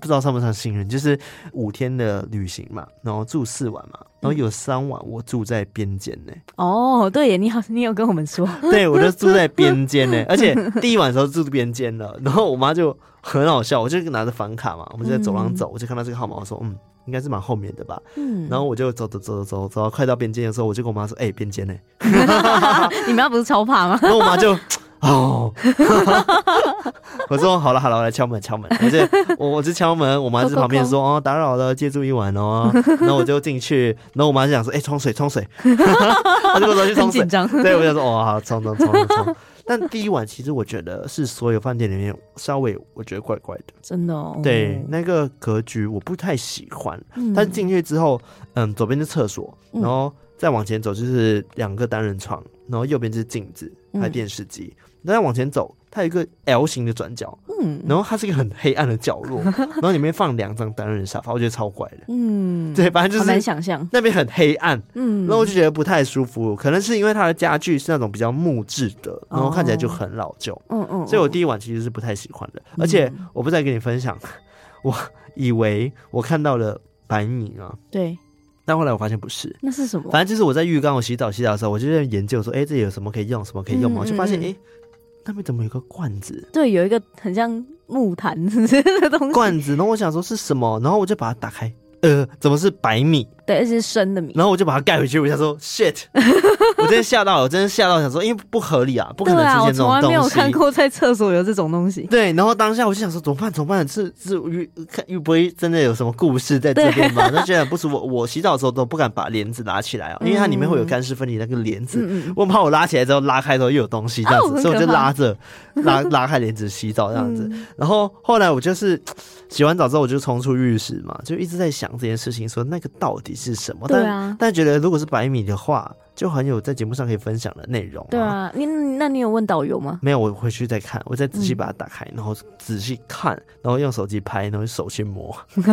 不知道算不算幸運？就是五天的旅行嘛，然後住四晚嘛，然後有三晚我住在邊間呢。哦，對耶，你好，你有跟我們說，對，我就住在邊間呢。 而且第一晚的時候住邊間了，然後我媽就很好笑，我就拿着房卡嘛，我們在走廊走，我就看到這個號碼，我說嗯，應該是蠻後面的吧。嗯、然後我就走走走走走，走到快到邊間的時候，我就跟我媽說，哎、欸，邊間呢？ 你媽不是超怕嗎？然後我媽就。哦、oh, 我說好了好了，我來敲門敲門，敲門，我是我我是敲門，我媽在旁邊說哦打擾了，借住一晚哦。然後我就進去，然後我媽就想說哎沖水沖水，她就說去沖水，對 我就說，沖水很緊張，我想說、哦、好沖沖沖沖。但第一晚其實我覺得是所有飯店裡面稍微我覺得怪怪的，真的哦。對，那個格局，我不太喜歡。嗯、但進去之後，嗯，左邊是廁所，然後再往前走就是兩個單人床，然後右邊是鏡子還有電視機。再往前走，它有一個 L 型的轉角，嗯，然後它是一個很黑暗的角落、嗯，然後裡面放兩張單人沙發，我覺得超怪的，嗯，對，反正就是很難想象那邊很黑暗，嗯，然後我就覺得不太舒服，可能是因為它的家具是那種比較木質的，哦、然後看起來就很老舊，嗯、哦、嗯、哦哦，所以我第一晚其實是不太喜歡的、嗯，而且我不再跟你分享，我以為我看到了白影啊，對，但後來我發現不是，那是什麼？反正就是我在浴缸我洗澡洗澡的時候，我就在研究說，哎，這有什麼可以用，什麼可以用嗎？我、嗯、就發現，哎、嗯。誒上面怎麼有個罐子？對，有一個很像木壇子的東西。罐子，然後我想說是什麼，然後我就把它打開，呃，怎麼是白米？對，是生的名。然後我就把它蓋回去，我想說，shit！ 我真的嚇到我，我真的嚇到，想說，因為不合理啊，不可能出現這種東西。我還沒有看過在廁所有這種東西。對，然後當下我就想說，怎麼辦？怎麼辦？是是，看，又不會真的有什麼故事在這邊嗎？那現在不是我，我洗澡的時候都不敢把簾子拉起來啊，因為它裡面會有乾濕分離那個簾子。嗯嗯嗯我怕我拉起來之後拉開之後又有東西這樣子，啊、所以我就拉着拉拉開簾子洗澡這樣子、嗯。然後後來我就是洗完澡之後，我就衝出浴室嘛，就一直在想這件事情，說那個到底。是什麼但？對啊，但覺得如果是白米的話，就很有在節目上可以分享的內容，啊。對啊，你那你有問導遊嗎？沒有，我回去再看，我再仔細把它打開，嗯，然後仔細看，然後用手機拍，然後手去摸這、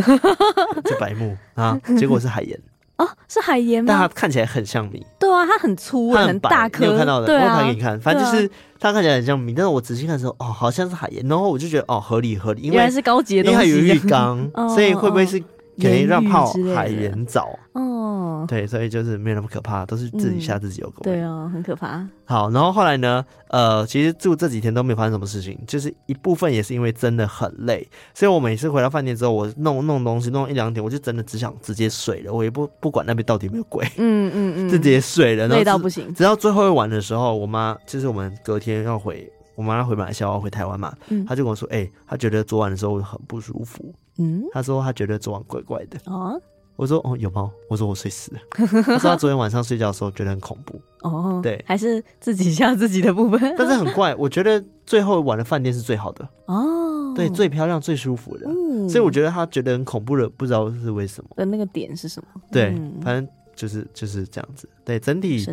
啊、白米啊，結果是海鹽 哦，是海鹽，但它看起來很像米。對啊，它很粗，它很能大顆，你有看到的，啊、我拍給你看。反正就是它看起來很像米，啊、但是我仔細看的時候，哦，好像是海鹽，然後我就覺得哦，合理合理，因為原來是高級，的因為還有浴缸、 哦，所以會不會是？可以讓泡海鹽澡哦，對，所以就是沒有那麼可怕，都是自己嚇自己有鬼、嗯。對哦，很可怕。好，然後後來呢？呃，其實住這幾天都沒有發生什麼事情，就是一部分也是因為真的很累，所以我每次回到飯店之後，我弄弄東西弄一兩點，我就真的只想直接睡了，我也不不管那邊到底有沒有鬼。嗯嗯嗯，直接睡了然後。累到不行。直到最後一晚的時候，我媽就是我們隔天要回，我媽要回馬來西亞，要回台灣嘛、嗯，她就跟我說：“哎、欸，她覺得昨晚的時候很不舒服。”嗯，他說他覺得昨晚怪怪的。哦，我說哦、嗯、有嗎？我說我睡死了。 他說他昨天晚上睡覺的時候覺得很恐怖。哦，對，還是自己嚇自己的部分。 但是很怪，我覺得最後一晚的飯店是最好的。哦，對，最漂亮、最舒服的、嗯。所以我覺得他覺得很恐怖的，不知道是為什麼。的那個點是什麼？嗯、對，反正。就是就是這樣子，對整體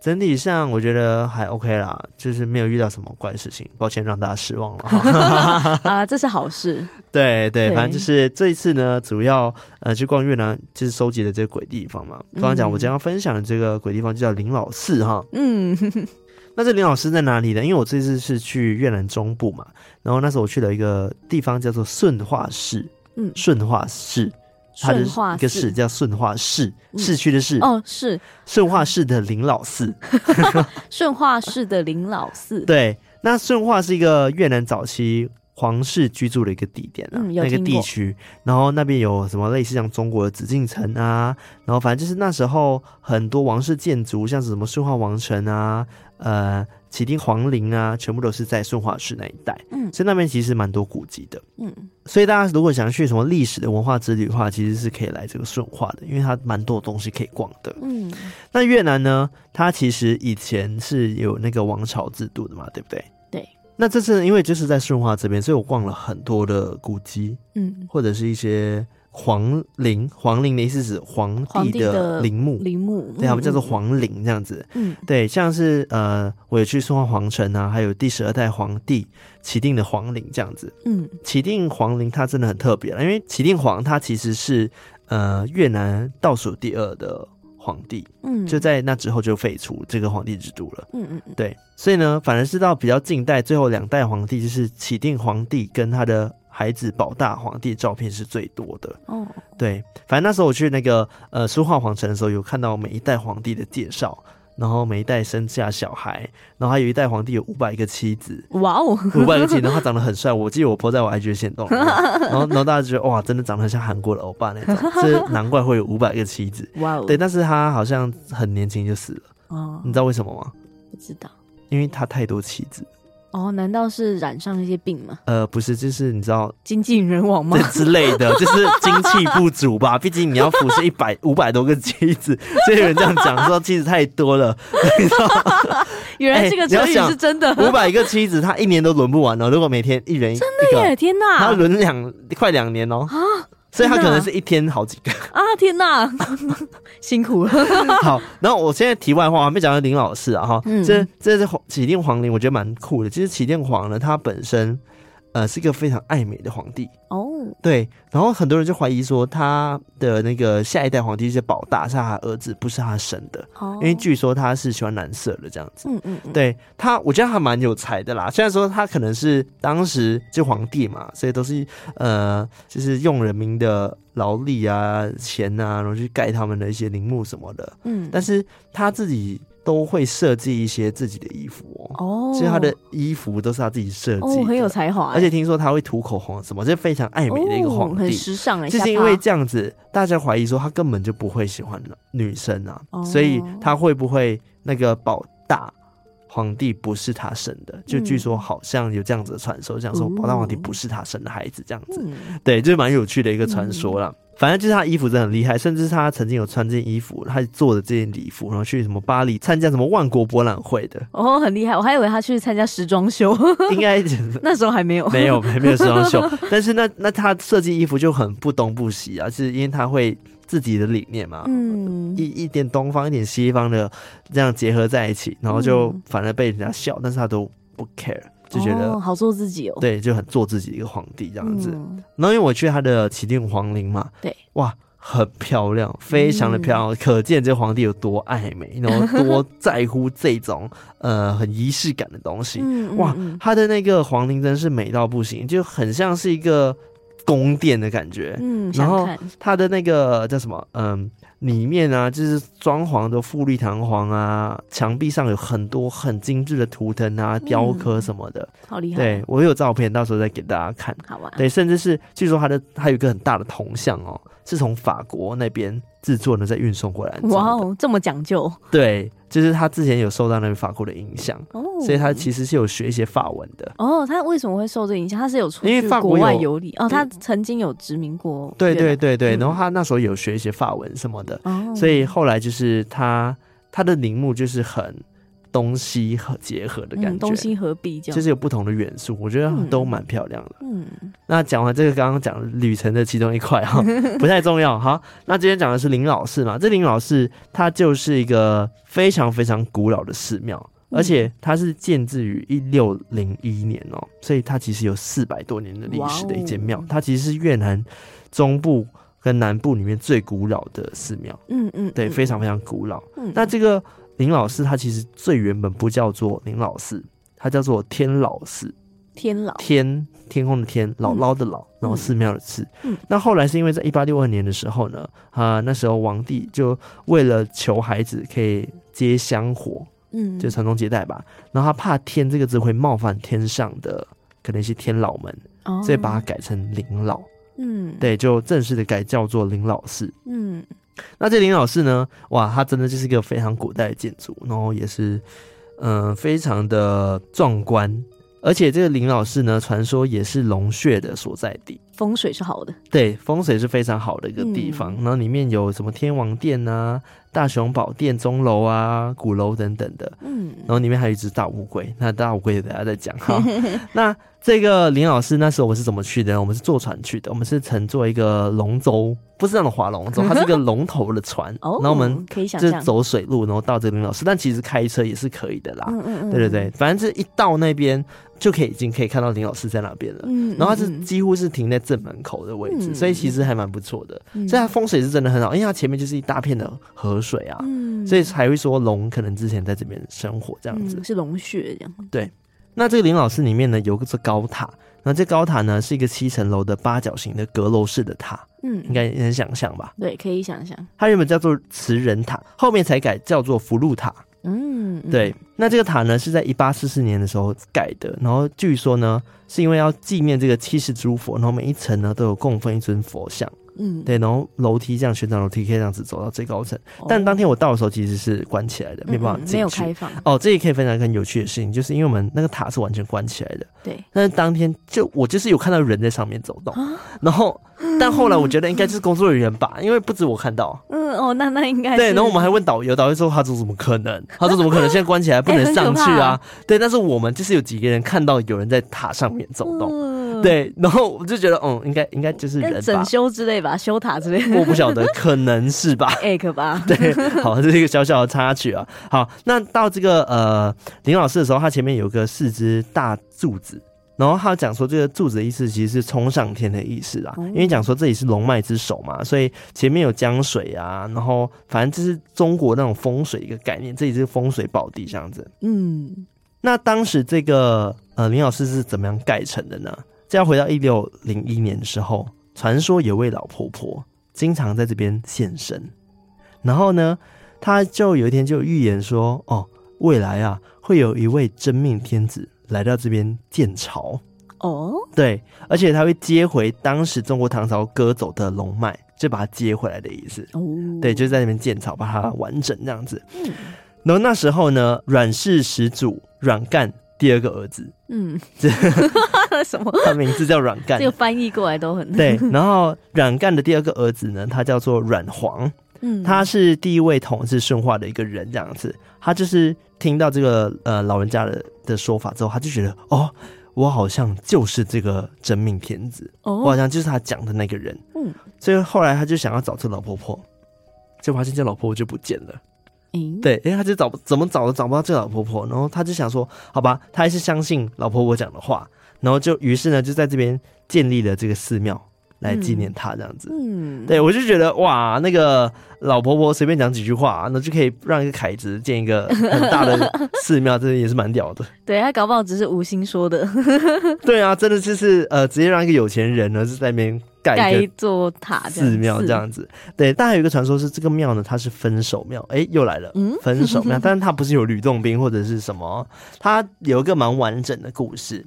整體上我覺得還 OK 啦，就是沒有遇到什麼怪事情。抱歉讓大家失望了， 啊，這是好事。對對，對，反正就是這一次呢，主要呃去逛越南就是收集的這個鬼地方嘛。剛剛講我將要分享的這個鬼地方就叫靈姥寺哈。嗯，那這靈姥寺在哪裡呢？因為我這次是去越南中部嘛，然後那時候我去了一個地方叫做順化市，嗯，順化市。順化一個市，順市叫順化市，市區的市，嗯、哦是順化市的靈姥寺，順 化市的靈姥寺。對，那順化是一個越南早期皇室居住的一個地點啊，嗯、有那個地區。然後那邊有什麼類似像中國的紫禁城啊，然後反正就是那時候很多王室建築，像是什麼順化王城啊，呃。啟定皇陵啊，全部都是在順化市那一帶，嗯，所以那邊其實蠻多古蹟的，嗯，所以大家如果想去什麼歷史的文化之旅的話，其實是可以來這個順化的，因為它蠻多東西可以逛的，嗯。那越南呢，它其實以前是有那個王朝制度的嘛，對不對？對。那這次呢，因為就是在順化這邊，所以我逛了很多的古蹟，嗯，或者是一些。皇陵，皇陵的意思指皇帝的陵墓，陵墓，他們叫做皇陵、嗯、這樣子。嗯，對，像是呃，我有去送皇城啊，還有第十二代皇帝啟定的皇陵這樣子。嗯，啟定皇陵它真的很特別了，因為啟定皇他其實是呃越南倒數第二的皇帝，嗯，就在那之後就廢除這個皇帝制度了。嗯嗯，對，所以呢，反而是到比較近代最後兩代皇帝，就是啟定皇帝跟他的。孩子保大皇帝的照片是最多的哦，oh. 對，反正那時候我去那個呃順化皇城的時候，有看到每一代皇帝的介紹，然後每一代生下小孩，然後還有一代皇帝有五百個妻子，哇哦，五百個妻子，然後他長得很帥， 我記得我 PO 在我 IG 的限動有沒有，然後然後大家就覺得哇，真的長得很像韓國的歐巴那種，這 難怪會有五百個妻子，哇哦，對，但是他好像很年輕就死了，哦、oh.，你知道為什麼嗎？不知道，因為他太多妻子。哦，難道是染上那些病嗎？呃，不是，就是你知道精盡人亡嗎？這之類的，就是精氣不足吧。 畢竟你要服侍一百五百多個妻子，這 些人這樣講說妻子太多了，原 來這個成語是真的。五百一個妻子，他一年都輪不完了、喔、如果每天一人一個真的耶！天哪，他輪兩快兩年哦、喔 所以他可能是一天好幾個啊， 啊！天哪，啊， 辛苦了。 好，然後我現在題外話，還沒講到靈姥寺啊哈，嗯。這這是啟定皇陵，我覺得蠻酷的。其實啟定皇呢，它本身。呃，是一個非常愛美的皇帝哦，oh. 對，然後很多人就懷疑說他的那個下一代皇帝是保大，是他兒子，不是他生的，的，oh. 因為據說他是喜歡男色的這樣子，嗯、oh. 嗯，對他，我覺得還蠻有才的啦。雖然說他可能是當時就皇帝嘛，所以都是呃，就是用人民的勞力啊、錢啊，然後去蓋他們的一些陵墓什麼的，嗯、oh.，但是他自己。都會設計一些自己的衣服哦，oh, 所以他的衣服都是他自己設計，oh, 很有才華。而且聽說他會塗口紅，什麼就是、非常愛美的一個皇帝，oh, 很時尚。就是因為這樣子，大家懷疑說他根本就不會喜歡女生啊，oh. 所以他會不會那個保大皇帝不是他生的？就據說好像有這樣子的傳說，樣、嗯、說保大皇帝不是他生的孩子，這樣子，嗯、對，就蠻有趣的一個傳說了。嗯反正就是他衣服真的很厲害，甚至他曾經有穿這件衣服，他做的這件禮服，然後去什麼巴黎參加什麼萬國博覽會的。哦，很厲害，我還以為他去參加時裝秀， 應該那時候還沒有，沒有還沒有時裝秀。 但是那那他設計衣服就很不東不西啊，就是因為他會自己的理念嘛，嗯，一一點東方一點西方的這樣結合在一起，然後就反而被人家笑，但是他都不 care。就覺得、哦、好做自己哦，對，就很做自己一個皇帝這樣子。嗯、然後因為我去他的啟定皇陵嘛，對，哇，很漂亮，非常的漂亮，嗯、可見這皇帝有多愛美、嗯，然後多在乎這種 呃很儀式感的東西、嗯嗯嗯。哇，他的那個皇陵真是美到不行，就很像是一個宮殿的感覺。嗯，然後他的那個叫什麼，嗯、呃。裡面啊，就是裝潢的富麗堂皇啊，牆壁上有很多很精緻的圖騰啊、嗯、雕刻什麼的，好厲害！對，我有照片，到時候再給大家看。好玩。對，甚至是據說它的它有一個很大的銅像哦、喔，是從法國那邊制作的，再運送過來。哇，哦，這麼講究。對。就是他之前有受到那邊法國的影響，oh. 所以他其實是有學一些法文的。哦、oh,，他為什麼會受這影響？他是有出有因為法國外遊歷哦，他曾經有殖民過。對對對對，對，對，對、嗯，然後他那時候有學一些法文什麼的，oh. 所以後來就是他他的陵墓就是很。東西和結合的感覺，嗯、東西合璧，就是有不同的元素，我覺得都蠻漂亮的。嗯，那講完這個，剛剛講旅程的其中一塊哈， 不太重要哈。那今天講的是靈姥寺嘛，這靈姥寺他就是一個非常非常古老的寺廟、嗯，而且它是建置於一六零一年哦，所以它其實有四百多年的歷史的一間廟，它、哦、其實是越南中部跟南部裡面最古老的寺廟。嗯嗯，嗯，對，非常非常古老。嗯，那這個。靈姥寺，他其實最原本不叫做靈姥寺，他叫做天姥寺。天姥天天空的天，姥姥的姥、嗯，然後寺廟的寺。嗯。嗯那後來是因為在一八六二年的時候呢，啊、呃，那時候皇帝就為了求孩子可以接香火，嗯，就傳宗接代吧。然後他怕“天”這個字會冒犯天上的，可能是天姥們，所以把它改成靈姥。嗯。對，就正式的改叫做靈姥寺。嗯。那這個靈姥寺呢？哇，它真的就是一個非常古代的建築，然後也是，嗯、呃，非常的壯觀。而且這個靈姥寺呢，傳說也是龍穴的所在地。風水是好的，對，風水是非常好的一個地方。嗯、然後裡面有什麼天王殿啊、大雄寶殿、鐘樓啊、鼓樓等等的。嗯，然後裡面還有一隻大烏龜，那大烏龜等一下再講哈。 那這個靈姥寺那時候我們是怎麼去的呢？我們是坐船去的，我們是乘坐一個龍舟，不是那種划龍舟，它是一個龍頭的船。 可以想像。然後我們就是走水路，然後到這個靈姥寺，嗯，但其實開車也是可以的啦。嗯嗯嗯，對對對，反正就是一到那邊。就可以已經可以看到靈姥寺在那邊了，嗯，然後他是幾乎是停在正門口的位置，嗯、所以其實還蠻不錯的，嗯、所以它風水是真的很好，因為它前面就是一大片的河水啊，嗯，所以才會說龍可能之前在這邊生活這樣子、嗯，是龍穴這樣，對。那這個靈姥寺裡面呢，有個是高塔，那這高塔呢是一個七層樓的八角形的閣樓式的塔，嗯，你應該很想象吧？對，可以想象。它原本叫做慈仁塔，後面才改叫做福祿塔。嗯， 對。那這個塔呢，是在一八四四年的時候蓋的。然後據說呢，是因為要紀念這個七世諸佛，然後每一層呢都有供奉一尊佛像。嗯，對，然後樓梯這樣旋轉樓梯可以這樣子走到最高層。哦，但當天我到的時候其實是關起來的，嗯嗯，沒辦法，沒有開放哦，這也可以分享一個很有趣的事情，就是因為我們那個塔是完全關起來的，對。但是當天就我就是有看到人在上面走動，然後但後來我覺得應該就是工作人員吧，因為不止我看到。嗯，哦，那那應該是對。然後我們還問導遊，導遊說：“他說怎麼可能？他說怎麼可能？ 現在關起來不能上去啊，欸！”對，但是我們就是有幾個人看到有人在塔上面走動。對，然後我就覺得，嗯，應該應該就是人整修之類吧，修塔之類的。 我不曉得，可能是吧。哎、欸，可怕。對，好，這是一個小小的插曲啊。好，那到這個呃靈姥寺的時候，他前面有個四隻大柱子，然後他講說，這個柱子的意思其實是衝上天的意思啊、哦，因為講說這裡是龍脈之首嘛，所以前面有江水啊，然後反正就是中國那種風水一個概念，這裡是風水寶地這樣子。嗯，那當時這個呃靈姥寺是怎麼樣蓋成的呢？再回到一六零一年的時候，傳說有位老婆婆經常在這邊現身，然後呢，她就有一天就預言說：“哦，未來啊，會有一位真命天子來到這邊建朝。哦，對，而且他會接回當時中國唐朝割走的龍脈，就把他接回來的意思。哦，對，就在那邊建朝，把它完整這樣子。然後那時候呢，阮氏始祖阮淦。第二個兒子，嗯，這，什麼？他名字叫阮干，這個翻譯過來都很對。然後阮干的第二個兒子呢，他叫做阮黃，嗯，他是第一位統治順化的一個人，這樣子。他就是聽到這個呃老人家的的說法之後，他就覺得哦，我好像就是這個真命天子，哦，我好像就是他講的那個人，嗯。所以後來他就想要找這個老婆婆，結果發現這老婆婆就不見了。嗯、對，哎，他就找，怎麼找都找不到這個老婆婆，然後他就想說，好吧，他還是相信老婆婆講的話，然後就於是呢，就在這邊建立了這個寺廟來紀念他這樣子。嗯，嗯對，我就覺得哇，那個老婆婆隨便講幾句話，那就可以讓一個凱子建一個很大的寺廟， 這也是蠻屌的。 對，他搞不好只是無心說的。 對啊，真的就是呃，直接讓一個有錢人呢就在那邊。蓋一座塔，寺廟這樣子，對。但還有一個傳說，是這個廟呢，它是分手廟。哎、欸，又來了，分手廟、嗯。但是它不是有呂洞賓或者是什麼，它有一個蠻完整的故事。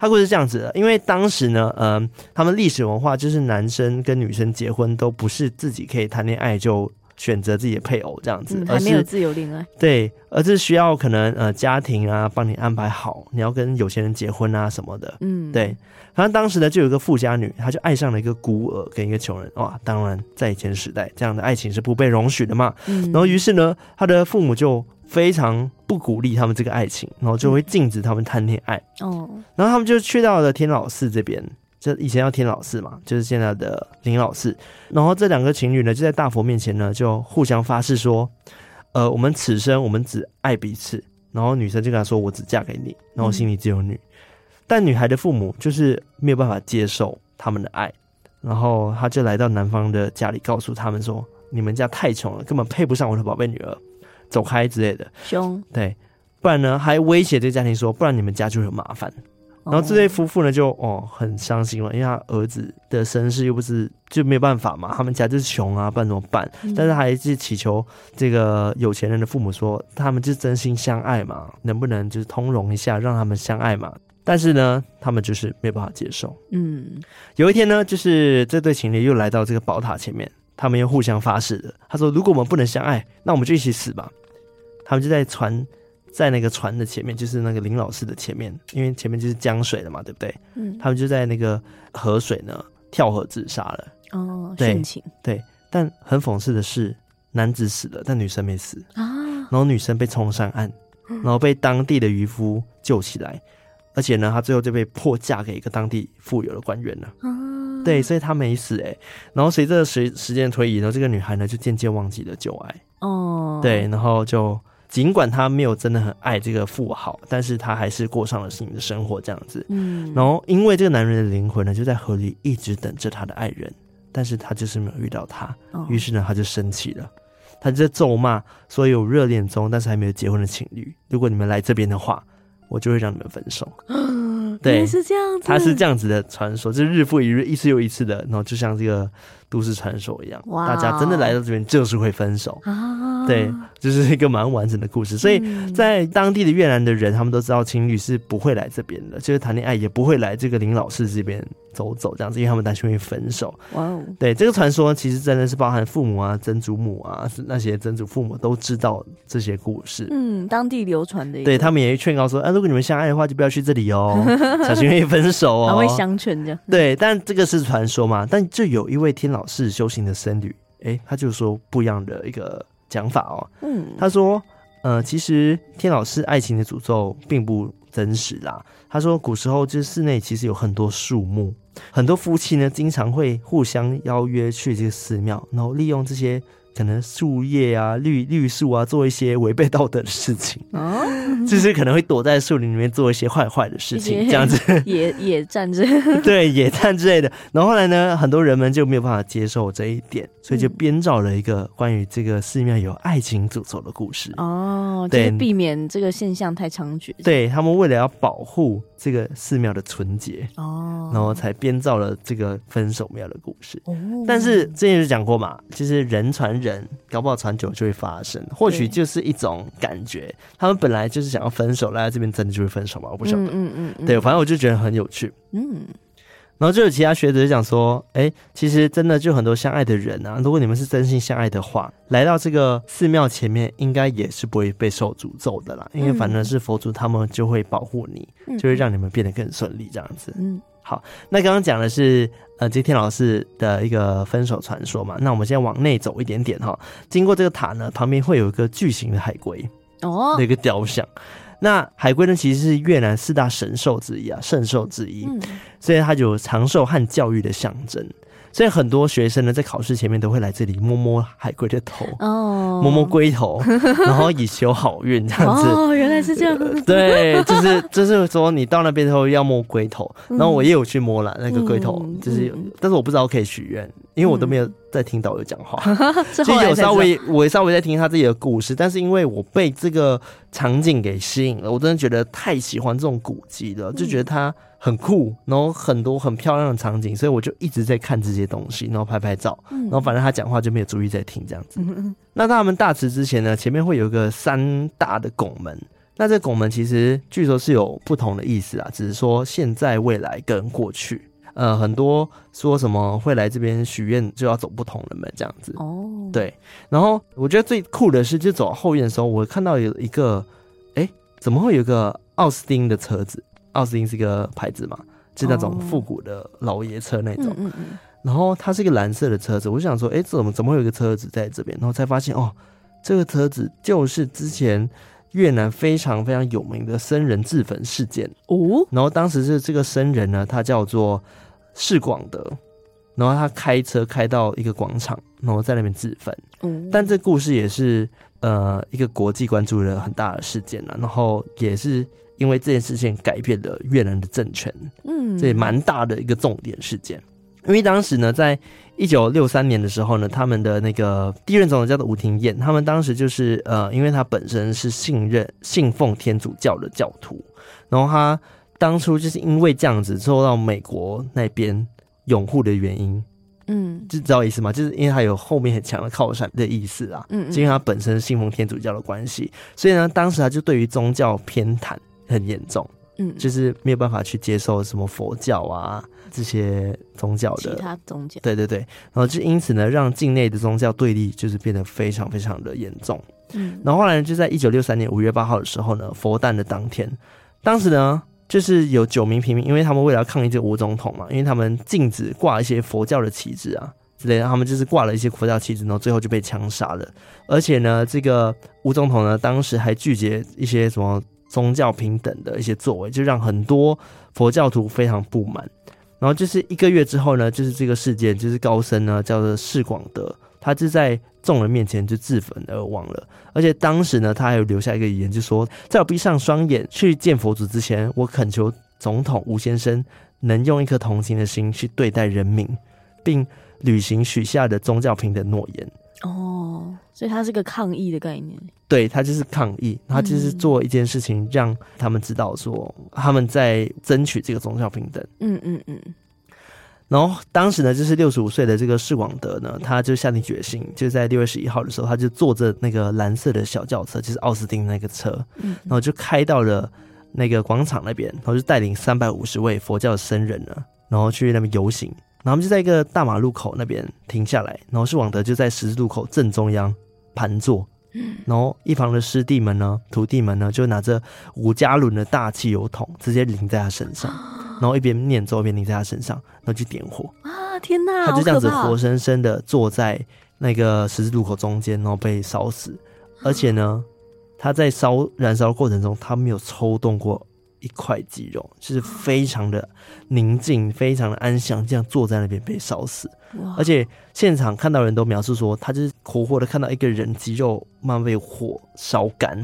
它故事是這樣子的，因為當時呢，嗯、呃，他們歷史文化就是男生跟女生結婚都不是自己可以談戀愛就。選擇自己的配偶這樣子，嗯、還沒有自由戀愛。對，而是需要可能呃家庭啊幫你安排好，你要跟有錢人結婚啊什麼的。嗯，對。反正當時呢，就有一個富家女，她就愛上了一個孤兒跟一個窮人。哇，當然在以前時代，這樣的愛情是不被容許的嘛。嗯。然後於是呢，她的父母就非常不鼓勵他們這個愛情，然後就會禁止他們談戀愛。哦、嗯。然後他們就去到了天老寺這邊。這以前叫天姥寺嘛，就是現在的靈姥寺。然後這兩個情侶呢，就在大佛面前呢，就互相發誓說：“呃，我們此生我們只愛彼此。”然後女生就跟他說：“我只嫁給你，然後心裡只有你。嗯”但女孩的父母就是沒有辦法接受他們的愛，然後他就來到男方的家裡，告訴他們說：“你們家太窮了，根本配不上我的寶貝女兒，走開之類的。凶”凶對，不然呢還威脅這個家庭說：“不然你們家就有麻煩。”然後這對夫婦呢，就哦很傷心了，因為他兒子的身世又不是，就沒有辦法嘛，他們家就是窮啊，不然怎麼辦？嗯、但是還是祈求這個有錢人的父母說，他們就是真心相愛嘛，能不能就是通融一下，讓他們相愛嘛？但是呢，他們就是沒有辦法接受。嗯，有一天呢，就是這對情侶又來到這個寶塔前面，他們又互相發誓的，他說：“如果我們不能相愛，那我們就一起死吧。”他們就在傳。在那個船的前面，就是那個靈姥寺的前面，因為前面就是江水了嘛，對不對？嗯，他們就在那個河水呢跳河自殺了。哦，殉情。對，但很諷刺的是，男子死了，但女生沒死啊。然後女生被沖上岸，然後被當地的漁夫救起來，而且呢，她最後就被迫嫁給一個當地富有的官員了。啊，對，所以她沒死哎、欸。然後隨着隨時間推移，然後這個女孩呢就漸漸忘記了舊愛。哦，對，然後就。儘管他沒有真的很愛這個富豪，但是他還是過上了新的生活這樣子。嗯，然後因為這個男人的靈魂呢，就在河裡一直等着他的愛人，但是他就是沒有遇到他。哦，於是呢，他就生氣了，他就在咒罵所有熱戀中但是還沒有結婚的情侶，如果你們來這邊的話，我就會讓你們分手。對，是這樣子的，他是這樣子的傳說，就是日復一日，一次又一次的，然後就像這個都市傳說一樣，哇，大家真的來到這邊就是會分手啊。對，就是一個蠻完整的故事，所以在當地的越南的人，他們都知道情侶是不會來這邊的，就是談戀愛也不會來這個靈姥寺這邊走走這樣子，因為他們擔心會分手。哇哦，對，這個傳說其實真的是包含父母啊、曾祖母啊那些曾祖父母都知道這些故事，嗯，當地流傳的，對他們也會勸告說，哎、啊，如果你們相愛的話，就不要去這裡哦， 小心容易分手哦，他、啊、會相勸的。對，但這個是傳說嘛，但就有一位靈姥寺修行的僧侶，哎、欸，他就說不一樣的一個講法哦，嗯，他說，呃，其實天姥寺愛情的詛咒並不真實啦。他說，古時候就是寺內其實有很多樹木，很多夫妻呢，經常會互相邀約去這個寺廟，然後利用這些。可能樹葉啊、綠綠樹啊，做一些違背道德的事情，哦。就是可能會躲在樹林裡面做一些壞壞的事情，也這樣子野野戰之類，也也站 對野戰之類的。然後後來呢，很多人們就沒有辦法接受這一點，所以就編造了一個關於這個寺廟有愛情詛咒的故事。哦，對，就是、避免這個現象太猖獗，對，他們為了要保護。這個寺廟的純潔哦，oh. 然後才編造了這個分手廟的故事。Oh. 但是之前就講過嘛，就是人傳人搞不好傳久就會發生，或許就是一種感覺。他們本來就是想要分手，來這邊真的就會分手嘛。我不曉得。嗯嗯，嗯，嗯，對，反正我就覺得很有趣。嗯。然後就有其他學者講說，哎、欸，其實真的就很多相愛的人啊，如果你們是真心相愛的話，來到這個寺廟前面，應該也是不會被受詛咒的啦，因為反正是佛祖，他們就會保護你，就會讓你們變得更順利這樣子。嗯，好，那剛剛講的是呃，這天姥寺的一個分手傳說嘛，那我們先往內走一點點哈，經過這個塔呢，旁邊會有一個巨型的海龜哦，那一個雕像。那海龜呢，其實是越南四大神獸之一啊，聖獸之一，所以它就有長壽和教育的象徵。所以很多學生呢，在考試前面都會來這裡摸摸海龜的頭哦，oh. 摸摸龜頭，然後以求好運這樣子哦，oh, 原來是這樣子。呃，對，就是就是說你到那邊之後要摸龜頭， 然後我也有去摸了那個龜頭， 嗯，就是，但是我不知道可以許願，因為我都沒有在聽導遊講話，就 有稍微 我也稍微在聽他自己的故事，但是因為我被這個場景給吸引了，我真的覺得太喜歡這種古蹟了，就覺得它。 很酷，然後很多很漂亮的場景，所以我就一直在看這些東西，然後拍拍照，然後反正他講話就沒有注意在聽這樣子。嗯、那他們大池之前呢，前面會有一個三大的拱門，那這拱門其實據說是有不同的意思啊，只是說現在、未來跟過去，呃，很多說什麼會來這邊許願就要走不同的門這樣子哦。對，然後我覺得最酷的是就走後院的時候，我看到有一個，哎，怎麼會有個奧斯汀的車子？奧斯汀是一個牌子嘛，是那種復古的老爺車那種、哦嗯嗯。然後它是一個藍色的車子，我就想說，哎，怎麼怎麼會有一個車子在這邊？然後才發現，哦，這個車子就是之前越南非常非常有名的僧人自焚事件哦。然後當時是這個僧人呢，他叫做釋廣德，然後他開車開到一個廣場，然後在那邊自焚、嗯。但這故事也是呃一個國際關注的很大的事件了、啊，然後也是。因為這件事情改變了越南的政權，嗯，這也蠻大的一個重點事件。嗯，因為當時呢，在一九六三年的時候呢，他們的那個第一任總統叫做吳廷琰，他們當時就是呃，因為他本身是信任信奉天主教的教徒，然後他當初就是因為這樣子受到美國那邊擁護的原因，嗯，就知道意思嗎？就是因為他有後面很強的靠山的意思啊，嗯，嗯，因為他本身是信奉天主教的關係，所以呢，當時他就對於宗教偏袒。很嚴重，嗯，就是沒有辦法去接受什麼佛教啊，這些宗教的其他宗教，對對對，然後就因此呢，讓境內的宗教對立就是變得非常非常的嚴重，嗯，然後後來呢，就在一九六三年五月八號的時候呢，佛誕的當天，當時呢就是有九名平民，因為他們為了要抗議這吳總統嘛，因為他們禁止掛一些佛教的旗幟啊之類的，他們就是掛了一些佛教旗幟，然後最後就被槍殺了，而且呢，這個吳總統呢，當時還拒絕一些什麼。宗教平等的一些作為，就讓很多佛教徒非常不滿。然後就是一個月之後呢，就是這個事件，就是高僧呢叫做釋廣德，他就在眾人面前就自焚而亡了。而且當時呢，他還有留下一個遺言就是，就說在我閉上雙眼去見佛祖之前，我懇求總統吳先生能用一顆同情的心去對待人民，並履行許下的宗教平等諾言。哦，所以他是個抗議的概念。對，他就是抗議，他就是做一件事情，讓他們知道說他們在爭取這個宗教平等。嗯嗯嗯。然後當時呢，就是六十五歲的這個釋廣德呢，他就下定決心，就在六月十一號的時候，他就坐着那個藍色的小轎車，就是奧斯汀那個車，然後就開到了那個廣場那邊，然後就帶領三百五十位佛教的僧人呢，然後去那邊遊行。然後我們就在一個大馬路口那邊停下來，然後是廣德就在十字路口正中央盤坐，然後一旁的師弟們呢、徒弟們呢就拿着五加侖的大汽油桶直接淋在他身上，然後一邊念咒一邊淋在他身上，然後去點火啊！天哪，他就這樣子活生生的坐在那個十字路口中間，然後被燒死，而且呢，他在燒燃燒過程中他沒有抽動過。一塊肌肉，就是非常的寧靜，非常的安詳，這樣坐在那邊被燒死，而且現場看到人都描述說，他就是活活的看到一個人肌肉慢慢被火燒乾，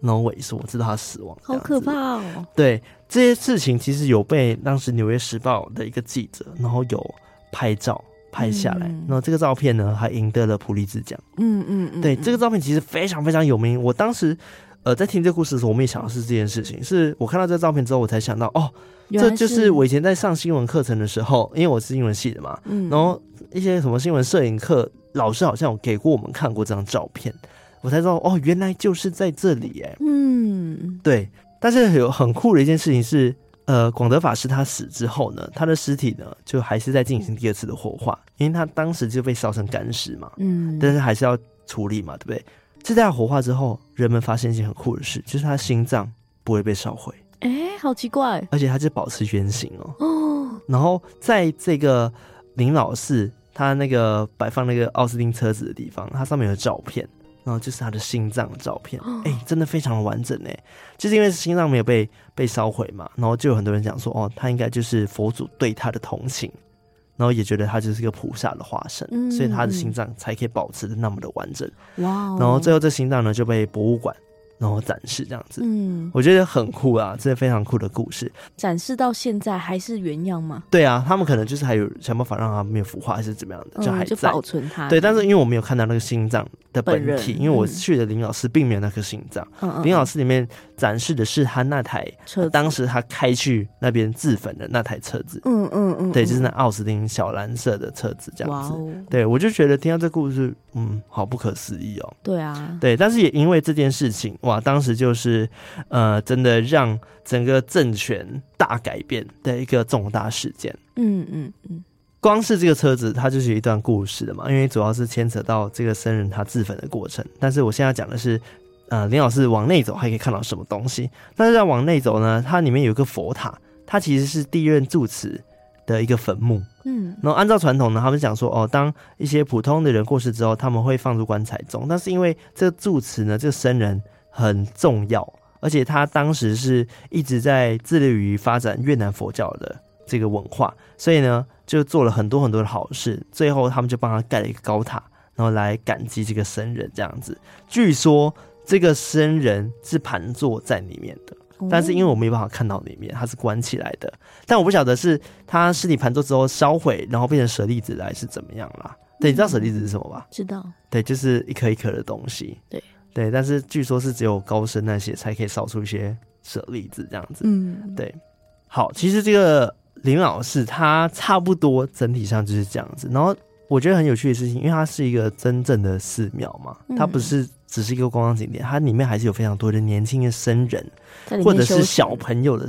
然後萎縮，直到他死亡，好可怕哦！對這些事情，其實有被當時《紐約時報》的一個記者，然後有拍照拍下來，嗯嗯然後這個照片呢還贏得了普立茲獎。嗯，嗯嗯嗯，對這個照片其實非常非常有名，我當時。呃，在聽這故事的時候，我沒想到是這件事情。是我看到這照片之後，我才想到哦，這就是我以前在上新聞課程的時候，因為我是新聞系的嘛，嗯，然後一些什麼新聞攝影課老師好像有給過我們看過這張照片，我才知道哦，原來就是在這裡耶。嗯，對。但是有很酷的一件事情是，呃，廣德法師他死之後呢，他的屍體呢就還是在進行第二次的火化，嗯，因為他當時就被燒成乾屍嘛，嗯，但是還是要處理嘛，對不對？就在火化之後，人們發現一件很酷的事，就是他的心臟不會被燒毀。哎、欸，好奇怪！而且它就保持原形哦。哦。然後在這個靈姥寺他那個擺放那個奧斯汀車子的地方，它上面有照片，然後就是他的心臟照片。哎、欸，真的非常的完整呢。就是因為心臟沒有被被燒毀嘛，然後就有很多人講說，哦，他應該就是佛祖對他的同情。然後也覺得他就是一個菩薩的化身，嗯、所以他的心臟才可以保持的那麼的完整。哇、哦！然後最後這心臟呢就被博物館然後展示這樣子，嗯，我覺得很酷啊，這是非常酷的故事。展示到現在還是原樣嗎？對啊，他們可能就是還有想辦法讓它沒有腐化，還是怎麼樣的，就還、嗯、就保存它。對，但是因為我沒有看到那個心臟的本體，本嗯、因為我去的靈姥寺並沒有那顆心臟，嗯嗯嗯。靈姥寺裡面。展示的是他那台車子，當時他開去那邊自焚的那台車子。嗯嗯嗯，嗯，對，就是那奧斯汀小藍色的車子，這樣子、哦。對，我就覺得聽到這故事，嗯，好不可思議哦。對啊，對，但是也因為這件事情，哇，當時就是，呃，真的讓整個政權大改變的一個重大事件。嗯嗯嗯，光是這個車子，它就是有一段故事的嘛，因為主要是牽扯到這個僧人他自焚的過程。但是我現在講的是。呃，靈姥寺往內走還可以看到什麼東西？那再往內走呢？它裡面有一個佛塔，它其實是第一任住持的一個墳墓。嗯，然後按照傳統呢，他們講說哦，當一些普通的人過世之後，他們會放入棺材中。但是因為這個住持呢，這個僧人很重要，而且他當時是一直在致力於發展越南佛教的這個文化，所以呢，就做了很多很多的好事。最後他們就幫他蓋了一個高塔，然後來感激這個僧人這樣子。據說。這個僧人是盤坐在裡面的，但是因為我沒辦法看到裡面，它是關起來的。但我不曉得是他屍體盤坐之後燒毀，然後變成舍利子，還是怎麼樣啦？對，你知道舍利子是什麼吧、嗯？知道。對，就是一顆一顆的東西。對對，但是據說是只有高僧那些才可以燒出一些舍利子這樣子。嗯，對。好，其實這個靈姥寺他差不多整體上就是這樣子，然後。我覺得很有趣的事情，因為它是一個真正的寺廟嘛，它不是只是一個觀光景點，它裡面還是有非常多的年輕的僧人，或者是小朋友的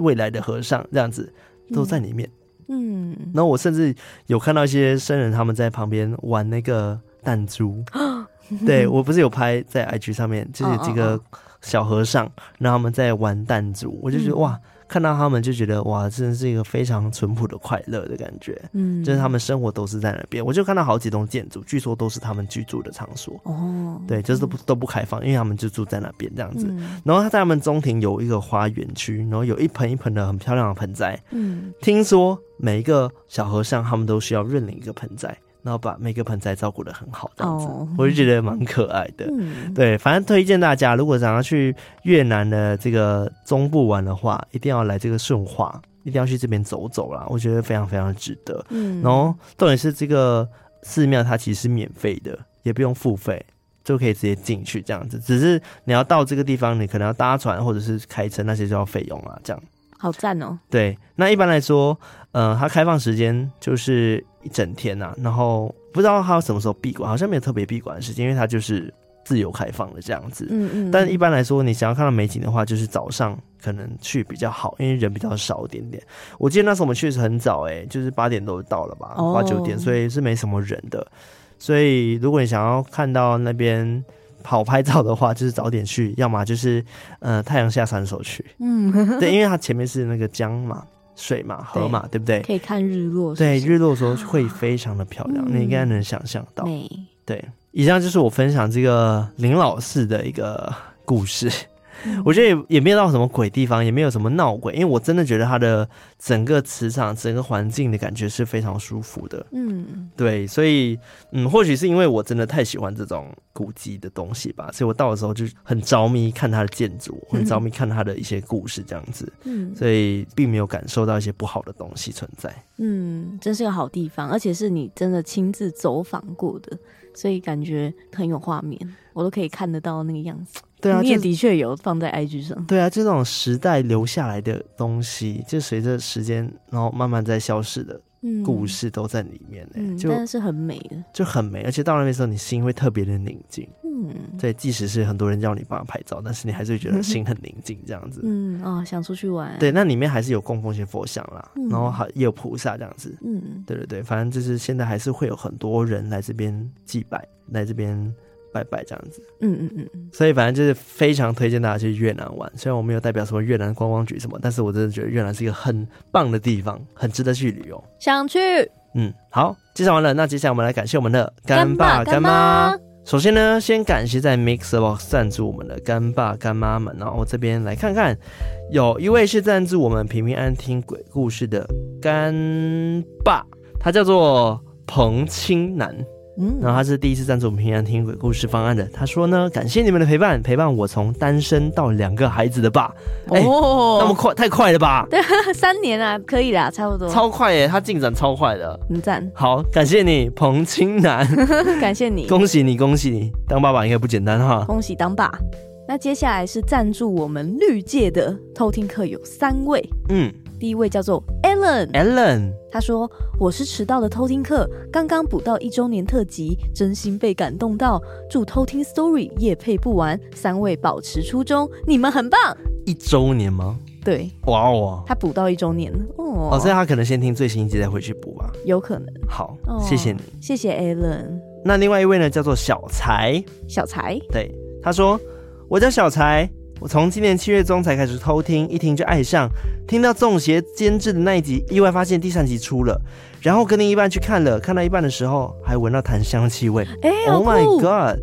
未來的和尚這樣子都在裡面嗯。嗯，然後我甚至有看到一些僧人他們在旁邊玩那個彈珠，呵呵，對，我不是有拍在 IG 上面，就是幾個小和尚，然後他們在玩彈珠，我就覺得、嗯、哇。看到他們就覺得哇，真的是一個非常淳樸的快樂的感覺。嗯，就是他們生活都是在那邊，我就看到好幾棟建築，據說都是他們居住的場所。哦，對，就是都不、嗯、都不開放，因為他們就住在那邊這樣子。然後他在他們中庭有一個花園區，然後有一盆一盆的很漂亮的盆栽。嗯，聽說每一個小和尚他們都需要認領一個盆栽。然後把每個盆栽照顧得很好，這樣子，哦，我就覺得蠻可愛的，嗯。對，反正推薦大家，如果想要去越南的這個中部玩的話，一定要來這個順化，一定要去這邊走走啦。我覺得非常非常值得。嗯，然後重點是這個寺廟它其實是免費的，也不用付費，就可以直接進去這樣子。只是你要到這個地方，你可能要搭船或者是開車，那些就要費用啊。這樣，好讚哦。對，那一般來說，呃，它開放時間就是。一整天吶、啊，然後不知道它什麼時候閉館，好像沒有特別閉館的時間，因為它就是自由開放的這樣子。嗯嗯。但一般來說，你想要看到美景的話，就是早上可能去比較好，因為人比較少一點點。我記得那時候我們確實很早、欸，哎，就是八點多到了吧，八九點、哦，所以是沒什麼人的。所以如果你想要看到那邊好拍照的話，就是早點去，要麼就是呃太陽下山的時候去。嗯。對，因為它前面是那個江嘛。水嘛，河嘛，對不對？可以看日落、啊。對，日落的時候會非常的漂亮，嗯、你應該能想象到。對，以上就是我分享這個靈姥寺的一個故事。我覺得也也沒有到什麼鬼地方，也沒有什麼鬧鬼，因為我真的覺得它的整個磁場、整個環境的感覺是非常舒服的。嗯，對，所以嗯，或許是因為我真的太喜歡這種古蹟的東西吧，所以我到的時候就很着迷看它的建築，很着迷看它的一些故事這樣子。嗯，所以並沒有感受到一些不好的東西存在。嗯，真是個好地方，而且是你真的親自走訪過的，所以感覺很有畫面，我都可以看得到那個樣子。對啊，你也的確有放在 IG 上。對啊，就這種時代留下來的東西，就隨着時間，然後慢慢在消失的故事都在裡面呢，嗯，但是很美的，就很美。而且到那邊時候，你心會特別的寧靜。嗯，對，即使是很多人叫你幫他拍照，但是你還是會覺得心很寧靜這樣子。嗯，哦，想出去玩。對，那裡面還是有供奉些佛像啦，然後還也有菩薩這樣子。嗯，對對對，反正就是現在還是會有很多人來這邊祭拜，來這邊。拜拜，這樣子，嗯嗯嗯，所以反正就是非常推薦大家去越南玩。雖然我沒有代表什麼越南觀光局什麼，但是我真的覺得越南是一個很棒的地方，很值得去旅遊。想去，嗯，好，介紹完了，那接下來我們來感謝我們的乾爸乾媽。首先呢，先感謝在 MixerBox 贊助我們的乾爸乾媽們。然後我這邊來看看，有一位是贊助我們平平安聽鬼故事的乾爸，他叫做彭清南。嗯，然後他是第一次贊助我們平安聽鬼故事方案的，他說呢，感謝你們的陪伴，陪伴我從單身到兩個孩子的爸。哎、哦欸，那麼快，太快了吧？對，三年啊，可以啦，差不多。超快耶，他進展超快的，嗯，讚。好，感謝你，彭清南， 感謝你，恭喜你，恭喜你，當爸爸應該不簡單哈，恭喜當爸。那接下來是贊助我們綠界的偷聽客有三位，嗯。第一位叫做 Alan，Alan，Alan，他說：“我是遲到的偷聽客，剛剛補到一周年特輯，真心被感動到，祝偷聽 Story 業配不完，三位保持初衷，你們很棒。”一周年嗎？對，哇、wow，哦、wow，他補到一周年哦，哦，所以他可能先聽最新一集，再回去補吧，有可能。好、哦，謝謝你，謝謝 Alan。那另外一位呢，叫做小才。小才？對，他說：“我叫小才。”我從今年七月中才開始偷聽，一聽就愛上，聽到中邪監製的那一集，意外發現第三集出了，然後跟另一半去看了，看到一半的時候還聞到檀香氣味，哎、欸、Oh my God！God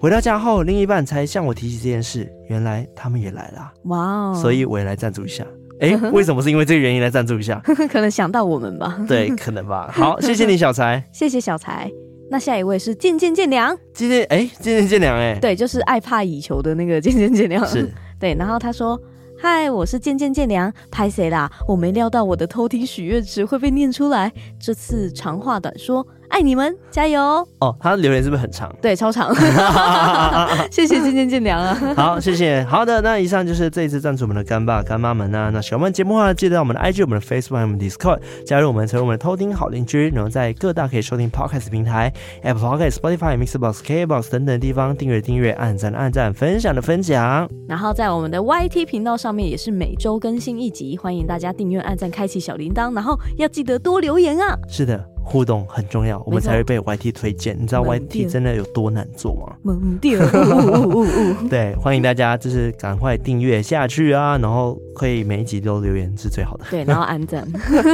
回到家後，另一半才向我提起這件事，原來他們也來了，哇、wow，所以我也來贊助一下，哎、欸，為什麼是因為這個原因來贊助一下？ 可能想到我們吧， 對，可能吧。好，謝謝你小財， 謝謝小財。那下一位是漸漸漸涼，今天，哎、欸，漸漸漸涼哎，對，就是愛怕以求的那個漸漸漸涼，是，對。然後他說：“嗨，我是漸漸漸涼，歹勢啦，我沒料到我的偷聽許願池會被念出來。這次長話短說。”愛你們，加油哦！哦，他的留言是不是很長？對，超長。 謝謝漸漸漸涼啊！ 好，謝謝。好的，那以上就是這一次贊助我們的乾爸乾媽們呢、啊。那喜歡我們節目的話，記得到我們的 IG、我們的 Facebook、我們的 Discord，加入我們成為我們的偷聽好鄰居。然後在各大可以收聽 Podcast 平台，App Podcast、Spotify、Mixbox、KBox 等等的地方訂閱、訂閱、按讚、按讚、分享的分,分享。然後在我們的 YT 頻道上面也是每周更新一集，歡迎大家訂閱、按讚、開啟小鈴鐺。然後要記得多留言啊！是的。互動很重要，我們才會被 YT 推薦。你知道 YT 真的有多難做嗎？懵掉！ 對，歡迎大家就是趕快訂閱下去啊，然後可以每一集都留言是最好的。 對，然後按贊。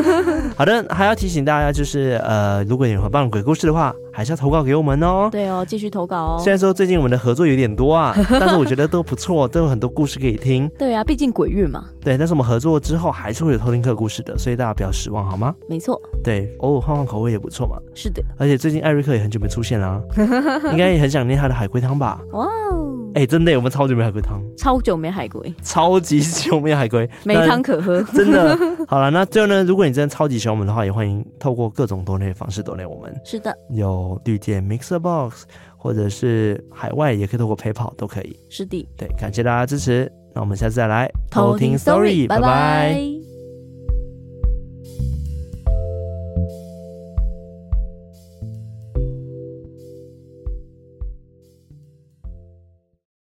好的，還要提醒大家就是呃，如果你有很棒的鬼故事的話。還是要投稿給我們哦。對哦，繼續投稿哦。雖然說最近我們的合作有點多啊， 但是我覺得都不錯，都有很多故事可以聽。對啊，畢竟鬼月嘛。對，但是我們合作之後還是會有偷聽客故事的，所以大家不要失望好嗎？沒錯。對，偶爾換換口味也不錯嘛。是的。而且最近艾瑞克也很久沒出現了，啊， 應該也很想念他的海龜湯吧？哇哦！哎、欸，真的，我們超久沒海龜湯，超久沒海龜，超級久沒海龜，沒湯可喝。真的。 好了，那最後呢，如果你真的超級喜歡我們的話，也歡迎透過各種 donate 的方式 donate 我們。是的。有。綠箭 Mixer Box，或者是海外也可以通過 Paypal 都可以。是的。對，感謝大家支持，那我們下次再來，偷聽 Story 拜拜。拜拜。